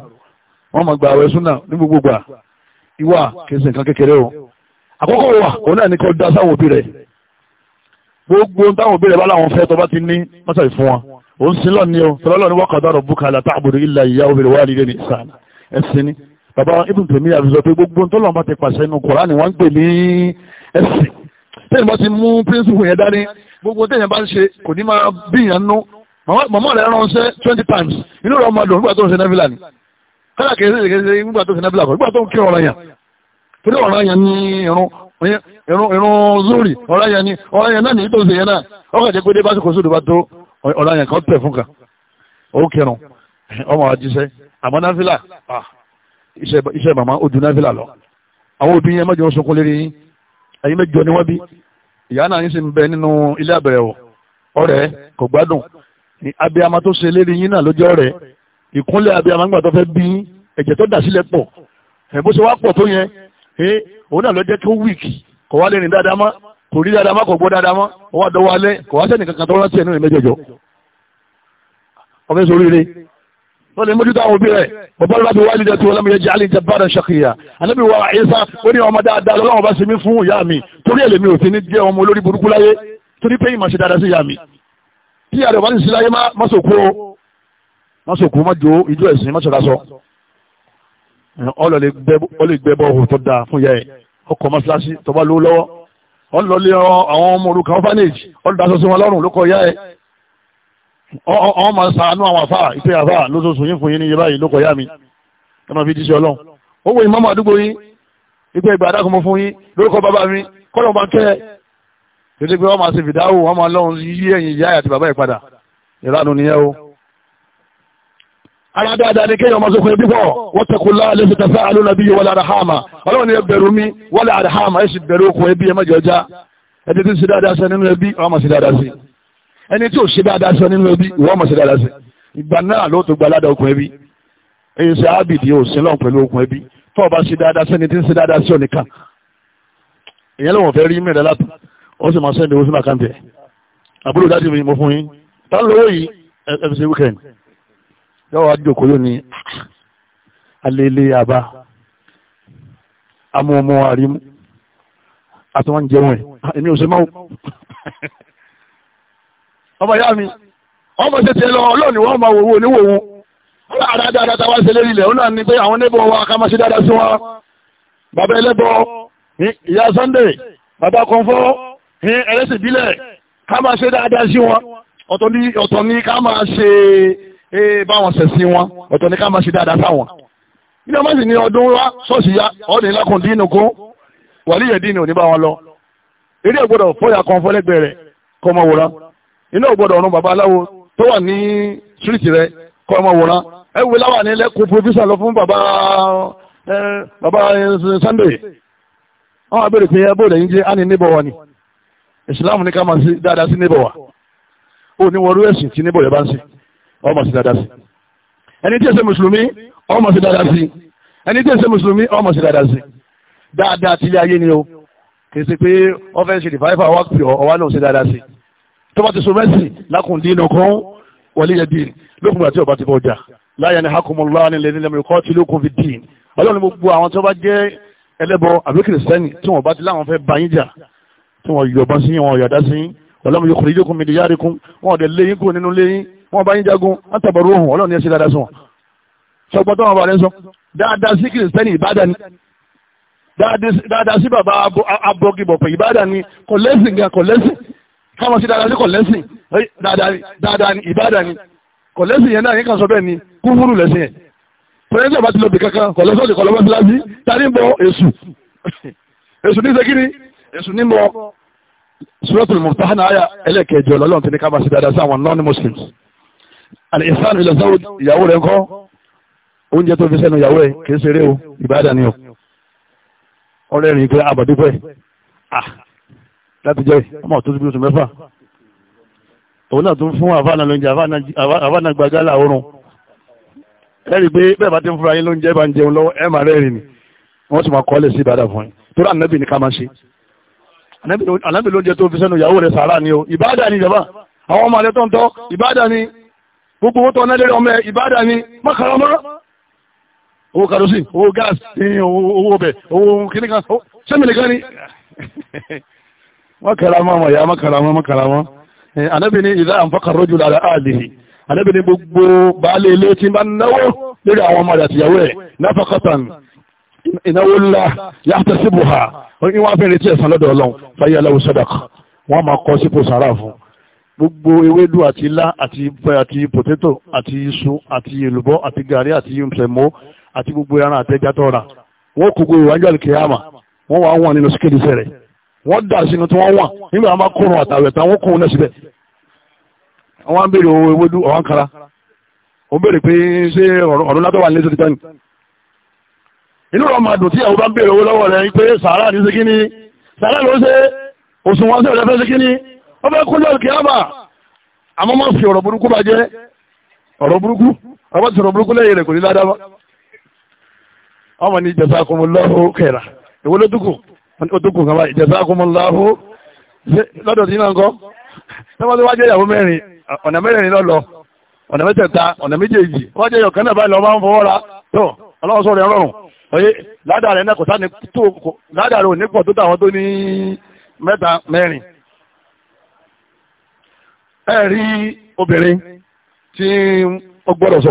Speaker 1: wọ́n mọ̀ gba àwẹ̀ súnà ní gbogbo gbà ìwà kìí ṣe nǹkan kékeré o àkọ́kọ́ wà òun náà ní kọ́ da sáwọn òbí rẹ̀ gbogbo táwọn òbí rẹ̀ bá láwọn fẹ́ tó bá ti ní mọ́sàlì fún wọn òun sí lọ ní o tọ́lọ́lọ́ ní wákàtà rọ̀ búkà látà ilà ìyá obìnrin wà nílé ní ẹ̀sìn ni bàbá ibùn tèmi àfihàn pé gbogbo tọ́lọ́ bá ti pàṣẹ inú Kùránì wọ́n ń pè ní ẹ̀sìn tẹ́yìn bá ti mú prínsìpù yẹn dání gbogbo tẹ́yìn bá ń ṣe kò ní máa bí ìyàn nú màmá rẹ̀ ránṣẹ́ twenty times inú rẹ̀ ọmọdé nígbà tó ń ṣe nẹ́fìlà ni kọ́lá kìí ṣe kìí ṣe nígbà tó ń ṣe nẹ́fìlà kọ́ nígbà tó ń kí ọ̀rọ̀ yàn torí ọ̀rọ̀ yàn ní irun irun zuri ọ̀rọ̀ yàn ní ọ̀rọ̀ yàn náà ní ìtòsí yẹn náà ọkọ̀ jẹ́ pé dé básìkò sódò bá tó ọ̀rọ̀ yàn kan tẹ̀ fún kan ó kẹrùn ọmọ àjíṣẹ́ àmọ́ nẹ́fìlà ah, iṣẹ́ màmá ojú nẹ́fìlà lọ àwọn òbí yẹn mọ́jọ sunkún lérí yín ẹ̀yin mẹ́jọ ni wọ́n bí ìyá náà yín sì ń bẹ nínú ilé àbẹ̀rẹ̀wò ọ̀rẹ́ kò gbádùn abiyamọ tó ṣe lérí yín náà lójọ́ rẹ̀ ìkúnlẹ̀ abiyamọ nígbà tó fẹ́ bí ẹ̀jẹ̀ tó dà sílẹ̀ pọ̀ ẹ̀ bó ṣe wá pọ̀ tó yẹn òun náà ló jẹ́ tó wíìkì kò wá lè rìn dáadáa mọ́ kò rí dáadáa mọ́ kò gbọ́ dáadáa mọ́ ó wá dọ́wọ́ kò wá sẹ́nìkankan tó rántí ẹ̀ nínú ìmẹ́jọ̀jọ̀ ọ̀fẹ́ sóríire ó lè mójútó àwọn òbí rẹ̀ láti wáyé tó lẹ́mú yẹn jẹ́ alẹ́ jẹ́ bára ṣàkìyà anábì wa àyíṣà ó ní ọmọ dáadáa lọ́wọ́ bá ṣe mí fún ìyá mi torí èlèmi ò ti ní jẹ́ ọmọ olórí burúkú láyé torí pé ìmọ̀ dáadáa sí ìyá mi tí ìyá rẹ̀ wá ní sí láyé má sòkó má ìjọ ẹ̀sìn má ṣọ̀dá sọ ọ lọ lé àwọn ọmọ òrukàn orphanage ọ wọn lọ́rùn lókọ̀ ìyá ẹ̀ ọ̀hún máa sàánú àwọn àfáà ìpé àfáà lóṣooṣù yín fún yín ní iye báyìí lókọ̀ yá mi ẹ máa fi jíṣẹ́ ọlọ́run ó wo ìmọ̀mọ̀ àdúgbò yín ìpé ìgbà àdákùn mo fún yín lórúkọ bàbá mi kọ́lọ̀ máa kẹ́ ẹ títí pé wọ́n máa ṣe fìdáwò wọ́n máa lọ́run yí ẹ̀yìn ìyá àti bàbá ìpadà ìlànà nìyẹn o. ara dáadáa ni kéèyàn máa sọkùnrin bíbọ̀ wọ́n tẹ̀kù láàlẹ́ fi tẹ̀sán alóna bíi wọlé àdáhàmà ọlọ́run ni ẹ bẹ̀rù mi wọlé àdáhàmà ẹ sì bẹ̀rù okùn ẹbí ẹ mẹ́jọ já ẹ ti ti ṣe dáadáa sí nínú ẹbí àwọn máa ṣe dáadáa sí ẹni tí ò ṣe dáadáa sọ nínú ẹbí ìwọ ọmọ ṣe dáadáa sí ìgbà náà ló tó gba aládàá okùn ẹbí èyí ṣe ábìdì ò sí lọ́n pẹ̀lú okùn ẹbí tó ọba ṣe dáadáa sẹ́ni tí ń ṣe dáadáa sí ọ̀nìkan ìyẹn lóun fẹ́ rí mẹ́rin látọ̀ ó sì máa sẹ́ni owó sínú àkáǹtì ẹ̀ àbúrò dájú mi mo fún yín tá lówó yìí ẹ̀fẹ̀sẹ̀ wíkẹ̀ǹd yóò wá jẹun ẹ̀ èmi ò ṣe máa ọmọ ìyá mi ọmọ tètè lọ ọlọ́run ni wọ́n máa wòwò oníwòwò ara dáadáa tá ṣe lérí ilẹ̀ ọ̀nà ni pé àwọn níbọ̀ wa ká máa ṣe dáadáa sí wọn bàbá ẹlẹ́bọ ìyá Sunday bàbá kọ̀ǹfọ́ ẹlẹ́sìn ìbílẹ̀ ká máa ṣe dáadáa sí wọn ọ̀tọ̀ ni ká máa ṣe bá wọn ṣẹ̀sìn wọn ọ̀tọ̀ ni ká máa ṣe dáadáa sáwọn nínú ọmọ sì ní ọdún wá ṣọ́ọ̀ṣì ya ọ̀dìn lákùn dínú kún bá wọn lọ eré ìgbọ́dọ̀ fọ́yà kan fọ́lẹ́gbẹ̀ẹ́ rẹ̀ kọ́ mọ́ iná ò gbọ́dọ̀ ọ̀run babaláwo tó wà ní síríìtì rẹ kọ́ ọmọ wòran ẹ wí láwà ní lẹ́kùn pòfísà lọ fún bàbá bàbá Sunday àwọn abèrè pé ẹ bóòdà yín jẹ́ á ní níbọ̀ wa ni ìsìláàmù ní ká máa sí dáadáa sí níbọ̀ wa ó ní wọ́n rú ẹ̀sìn tí níbọ̀ yẹn bá ń sí ó máa sí dáadáa sí ẹni tí èsè mùsùlùmí ó máa sí dáadáa sí ẹni tí èsè mùsùlùmí ó máa sí dáadáa sí dáadáa tilé ayé ni o kì í ṣe pé ọ fẹ́ ṣe rìfáìfà wá pè ọ ọwá náà ṣe dáadáa sí tó bá ti so mẹ́sìn lákùndín nìkan wọlé yẹ dín lókùnrin àti ọba ti bọ̀ ọjà láyà ni hakumullah ni lẹ́ni lẹ́mi kọ́ tí lókun fi dín ọlọ́run ni gbogbo àwọn tó bá jẹ́ ẹlẹ́bọ àbí kìrìsìtẹ́nì tí wọ́n bá ti láwọn fẹ́ bá yín jà tí wọ́n yọ̀bá sí wọn yọ̀dá sí ọlọ́run yóò kùrì yókùn mi di yáre kún wọn ọ̀dẹ̀ léyìn kù nínú léyìn wọn bá yín jagun wọn tàbọ̀rọ̀ ohun ọlọ́run yẹn dáadáa sùn sọgbọ́n tó wọn bá rẹ sọ dáadáa sí kìrìsìtẹ́nì ìbádà ni dáadáa sí bàbá abọ́gibọ̀pẹ̀ ìbádà ni kò lẹ́sìn gan kò lẹ́sìn káwọn sí dáadáa ní kọ̀lẹ́sìn dáadáa ní ìbáadáa ní kọ̀lẹ́sìn yẹn náà yẹn kan sọ bẹ́ẹ̀ ni kúfúrú lẹ́sìn yẹn pẹ̀lú ọba ti lọ bì kankan kọ̀lẹ́sìn ọ̀dẹ̀ kọ̀lọ́bọ̀ ti láti tani bọ èṣù <laughs> èṣù ní sẹ́kìrì èṣù ní bọ suratul mumtahana aya ẹlẹ́kẹ̀ẹ́jọ lọ́lọ́run ti ní muslims àti ìsàn ilẹ̀ sáwọ́ ìyàwó rẹ̀ ńkọ́ oúnjẹ tó fi sẹ́nu ìyàwó ẹ̀ kì í ni o ọ̀rẹ́ láti jẹ́ ọmọ tó ti bí oṣù mẹ́fà òun náà tó ń fún àfáànà lóúnjẹ àfáànà gbagálà oorun ẹ̀rí pé bẹ́ẹ̀ bá ti ń fura yín lóúnjẹ bá ń jẹun lọ́wọ́ ẹ̀ máa rẹ́rìn ni wọ́n sì máa kọ́ lè sí ìbádà fún yín torí ànábì ní ká máa ṣe ànábì lóúnjẹ tó fi sẹ́nu ìyàwó rẹ̀ sàárà ni o ìbádà ni ìjọba àwọn ọmọ rẹ̀ tó ń tọ́ ìbádà ni gbogbo owó tó ọ̀nà lérí ọmọ ìbádà ni mọ́kànlọ́mọ́ owó karosi owó gáàsì owó ọbẹ̀ owó kìnnìkan sẹ́mi nìkan ni <laughs> mọ́kàrámọ́ ọmọ ìyá mọ́kàrámọ́ mọ́kàrámọ́ anábì ní ìdá àǹfọ́kà rọ́jù lára àdìhì anábì ní gbogbo baálé ilé tí bá náwó lórí àwọn ọmọ àtìyàwó ẹ̀ náfàkọ́tàn ìnáwó ńlá yàtọ̀ sí buha wọ́n fi retí ẹ̀sán lọ́dọ̀ ọlọ́run fàyè aláwọ̀ sọ́dọ̀kà wọ́n máa kọ́ sípò sàrà fún gbogbo ewédú àti ilá àti àti pòtétò àti iṣu àti èlùbọ́ àti gàrí àti ìmùsẹ̀mó àti gbogbo ẹran àtẹjátọ́ra wọ́n kò gbogbo ìwájú àlùkìyàmà wọ́n wà wọ́n nínú síkèdísẹ̀ rẹ̀ wọ́n dà sínú tí wọ́n wà nígbà wọn bá kórun àtàwẹ̀ tán wọ́n kórun náà síbẹ̀ wọ́n á ń béèrè owó ewédú ọ̀hán kara ó béèrè pé ṣé ọ̀run látọ̀ wà ní ṣe ti tán ni inú rọ̀ máa dùn tí àwọn bá ń béèrè owó lọ́wọ́ rẹ̀ pé sàárà ní ṣe kíní sàárà ló ṣe òṣùwọ̀n sí ọ̀rẹ́fẹ́ ṣe kíní ó fẹ́ kójú ọ̀kẹ́ àbà àmọ́ máa fi ọ̀rọ̀ burúkú bá jẹ́ ọ̀rọ̀ burúkú ọ̀rọ̀ tí ọ̀rọ̀ burúkú lẹ́yìn rẹ̀ kò ní ládàá ọmọ ní jẹ́sà kọmọlọ́wọ́ kẹ̀rà ìwọ́lódúkù ó dúkù kan báyìí jẹ̀sán akúmọ̀láhó lọ́dọ̀ tí náà ń kọ́ mẹ́rin ọ̀nà mẹ́rin lọ́lọ́ ọ̀nà mẹ́tẹ̀ẹ̀ta ọ̀nà méjèèjì wọ́n jẹ́ ìyọ̀kan náà báyìí lọ́wọ́ ń fọwọ́ ra tó ọlọ́run oye ládàá rẹ̀ náà kò ládàá rẹ̀ ò ní pọ̀ tó tó ní mẹ́ta mẹ́rin obìnrin tí ó gbọ́dọ̀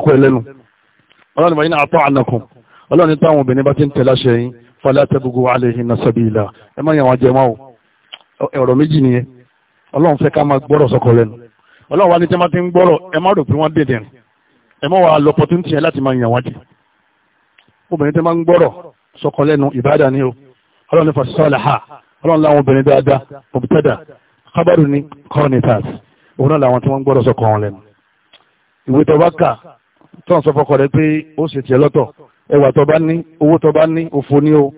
Speaker 1: ọlọ́run náà àtọ́ fọlá tẹ́gbogbo aléhìn náà sọ́bí ìlà ẹ má yàn wọn jẹ mọ́ ọ̀rọ̀ méjì nìyẹn ọlọ́run fẹ́ ká máa gbọ́rọ̀ sọ́kọ lẹ́nu ọlọ́run wa ní tẹ́má ti ń gbọ́rọ̀ ẹ má rò pé wọ́n dèdè ẹ má wà lọ pọtúntì yẹn láti máa yàn wọ́n obìnrin tẹ́má ń gbọ́rọ̀ sọ́kọ lẹ́nu ìbáàdà ni o ọlọ́run fà sọ́ọ̀lá ha ọlọ́run láwọn obìnrin dáadáa òbítẹ́dà ẹwà tó bá ní owó tó bá ní òfò ní o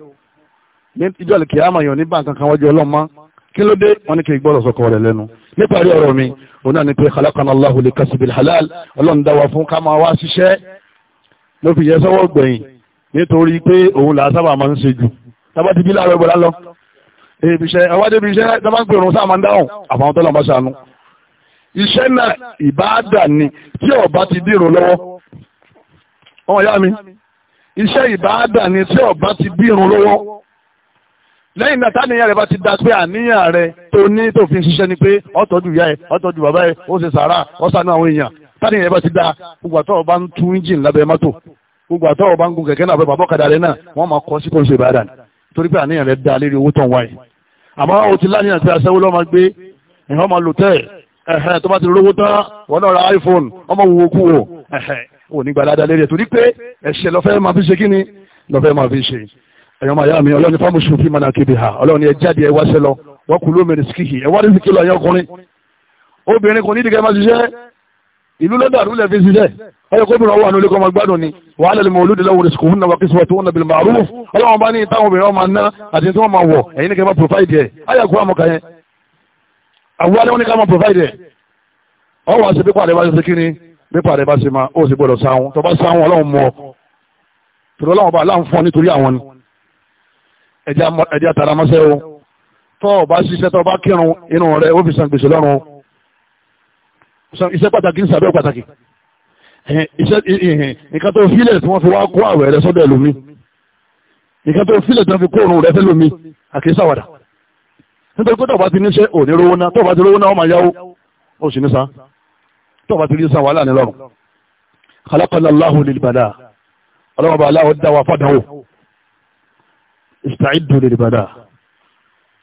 Speaker 1: ní ìjọ àlèkè àmàyàn ní báǹkan kan wájú ọlọ́mọ kí ló dé wọn ní kí gbọ́dọ̀ sọkọ rẹ̀ lẹ́nu níparí ọ̀rọ̀ mi òun náà ni pé khalaqana Allahu li kasbil halal ọlọ́run dá wa fún ká máa wá ṣiṣẹ́ ló fi yẹ sọ́wọ́ gbẹ̀yìn nítorí pé òun là á sábà máa ń ṣe jù tábà ti bí láàárọ̀ ìbọ̀lá lọ ebi iṣẹ́ ọwọ́ débi iṣẹ́ tábà ń pè òun sáà máa ń dáhùn àfàwọn tó lọ́ bá ṣàánú iṣẹ́ náà ìbáàdà ni tí ọba ti dìrò lọ́wọ́ ọmọ ìyá mi iṣẹ́ ìbáàdà ni tí ọba ti bí irun lọ́wọ́ lẹ́yìn náà táníyàn rẹ̀ bá ti da pé àníyàn rẹ̀ tó ní tó fi ń ṣiṣẹ́ ni pé ọ̀tọ́jú ìyá ẹ̀ ọ̀tọ́jú bàbá ẹ̀ ó ṣe sàárà ọ̀sánú àwọn èèyàn táníyàn rẹ̀ bá ti da gbogbo àtọ́ ọba ń tún engine lábẹ́ mọ́tò gbogbo àtọ́ ọba ń gun kẹ̀kẹ́ náà bẹ́ bàbá ọ̀kadà rẹ̀ náà wọ́n máa kọ́ sí kó ń ṣe ìbàdàn torí pé àníyàn rẹ̀ da lérí owó tó wáyé àmọ́ o ti láníyàn tí aṣẹ́wó lọ́ máa gbé ìhàn máa lò tẹ́ẹ̀ ẹ̀hẹ́ tó bá ti rówó tán wọ́n náà ra iPhone ọmọ wo kú o ẹ̀hẹ́ ò ní gbàdá dalẹ́rẹ́ torí pé ẹ̀ṣẹ̀ lọ́fẹ́ máa fi ṣe kí ni lọ́fẹ́ máa fi ṣe ẹ̀yọ́ máa yá mi ọlọ́ni fámúṣù fi máa kébì ha ọlọ́ni ẹ jáde ẹ wáṣẹ lọ wọ́n kú ló mẹ́rin síkìkì ẹ wárí síkì lọ ẹ̀yọkùnrin obìnrin kò ní ìdíkẹ́ máa ṣiṣẹ́ ìlú lọ́dọ̀ àdúlẹ̀ ṣiṣẹ́ ọyọ kó ọwọ́ àná máa gbádùn ni wàá lẹ́nu mọ̀ olùdílé sùkúrú náà wákìsí wọ́n tó wọn nàbìlì ọlọ́wọ́n bá ní táwọn obìnrin wọn máa àti tí wọ́n máa wọ̀ ẹ̀yin ní kẹ́ máa provide ẹ̀ ayé àkúrò àmọ́ka yẹn àwọn alẹ́ wọn ní ká máa provide ẹ̀ ọwọ́ àṣepẹ́kọ̀ àdébáyọ̀ ṣe kí pépà rẹ bá ṣe máa ó sì gbọ́dọ̀ sáwọn tó bá sáwọn ọlọ́run mú ọ tòló ọlọ́run bá aláǹ fún ọ nítorí àwọn ni ẹ̀jẹ̀ àtàrà mọ́sẹ́ o tọ́ ọ bá ṣiṣẹ́ tọ́ ọ bá kírun inú rẹ ó fi san gbèsè lọ́rùn iṣẹ́ pàtàkì ń sàbẹ̀ pàtàkì nǹkan tó fílẹ̀ tí wọ́n fi wá kó àwẹ̀ rẹ sọ́dọ̀ ẹlòmí nǹkan tó fílẹ̀ tí wọ́n fi kó òrùn rẹ fẹ́ lómi àkíyèsáwàdà nítorí pé tọ́ọ̀bá ti níṣẹ́ òní tó bá ti rí sàn wàhálà nílọ́rùn
Speaker 2: khalaqana Allahu
Speaker 1: lil bala ọlọ́wọ́ bá aláwọ̀ dá wa fọ́dà wò ista'iddu lil bala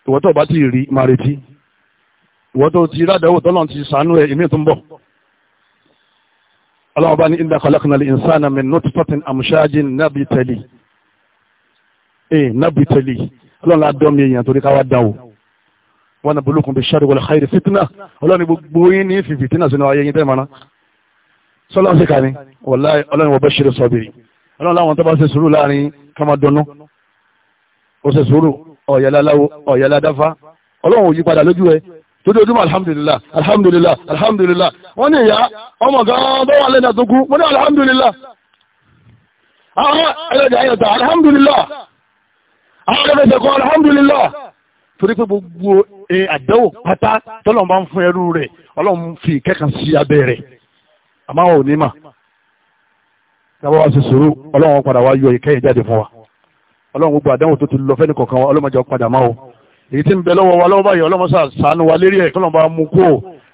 Speaker 1: ìwọ́n tó bá ti rí máa retí ìwọ́n tó ti rádàwò tọ́lọ́n ti sànú ẹ̀ ìmí tó ń bọ̀ ọlọ́wọ́ ní inna khalaqna insana min nutfatin amshajin nabtali eh nabtali ọlọ́run la dọ́ mi èèyàn torí ká dáwò wọn na bolókun bí sáré wọlé xayiri fitina ọlọ́ni gbogbo yín ní fi fitina sínú ayé yín tẹ́mọ̀ná sọlá ṣe kàní wàláhí ọlọ́ni wọ́n bẹ́ ṣeré sọ́bìrì ọlọ́ni láwọn tó bá ṣe sùúrù láàrin kama dọ́nú ó ṣe sùúrù ọ̀yẹ́láláwo ọ̀yẹ́ládáfá ọlọ́run ò yí padà lójú ẹ tójójúmọ́ alhamdulillah alhamdulillah alhamdulillah wọ́n ní ìyá ọmọ gan-an bá wà lẹ́nà tó kú mo ní alhamdulillah àwọn ẹlẹ́dàá yẹn alhamdulillah àwọn ẹlẹ́dàá yẹn ta alhamdulillah torí pé gbogbo e, àdánwò pátá tọ́lọ́run bá ń fún ẹrú rẹ̀ ọlọ́run fi ìkẹ́kàn sí abẹ́ rẹ̀ àmọ́ àwọn ò ní mà táwọn wá sí sùúrù ọlọ́run padà wá yọ ìkẹyìn jáde fún wa ọlọ́run gbogbo àdánwò tó ti lọ fẹ́ni kọ̀ọ̀kan wa ọlọ́mọdé padà máa o èyí tí ń bẹ lọ́wọ́ wa lọ́wọ́ báyìí ọlọ́mọsà sànù wa lérí ẹ̀ kọ́lọ́mọ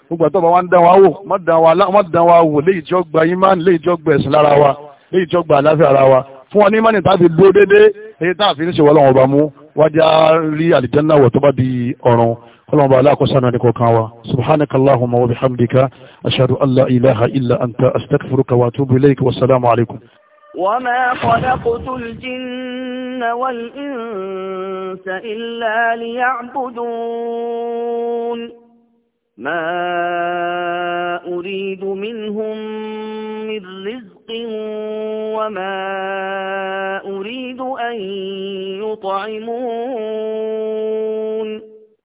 Speaker 1: gbogbo àtọ́ bá ń dán wa wò má dán wa wò léyìí tí ó gba imáni léyìí tí ó gba ẹ̀sìn lára wa léyìí tí ó gba àláfíà ara wa fún wa ní imáni tá a fi dúró déédéé èyí tá a fi ń ṣe wọ́lọ́wọ́ bá mú wájá rí àlìjánná wọ̀ tó bá di ọ̀run kọ́lọ́n bá aláàkọ́sánà ní kọ̀ọ̀kan wa subhanakallahumma wa bihamdika ashhadu an la ilaha illa anta astaghfiruka wa atubu ilayka wa assalamu alaikum وما خلقت الجن والإنس إلا ليعبدون ما أريد منهم من رزق وما أريد أن يطعمون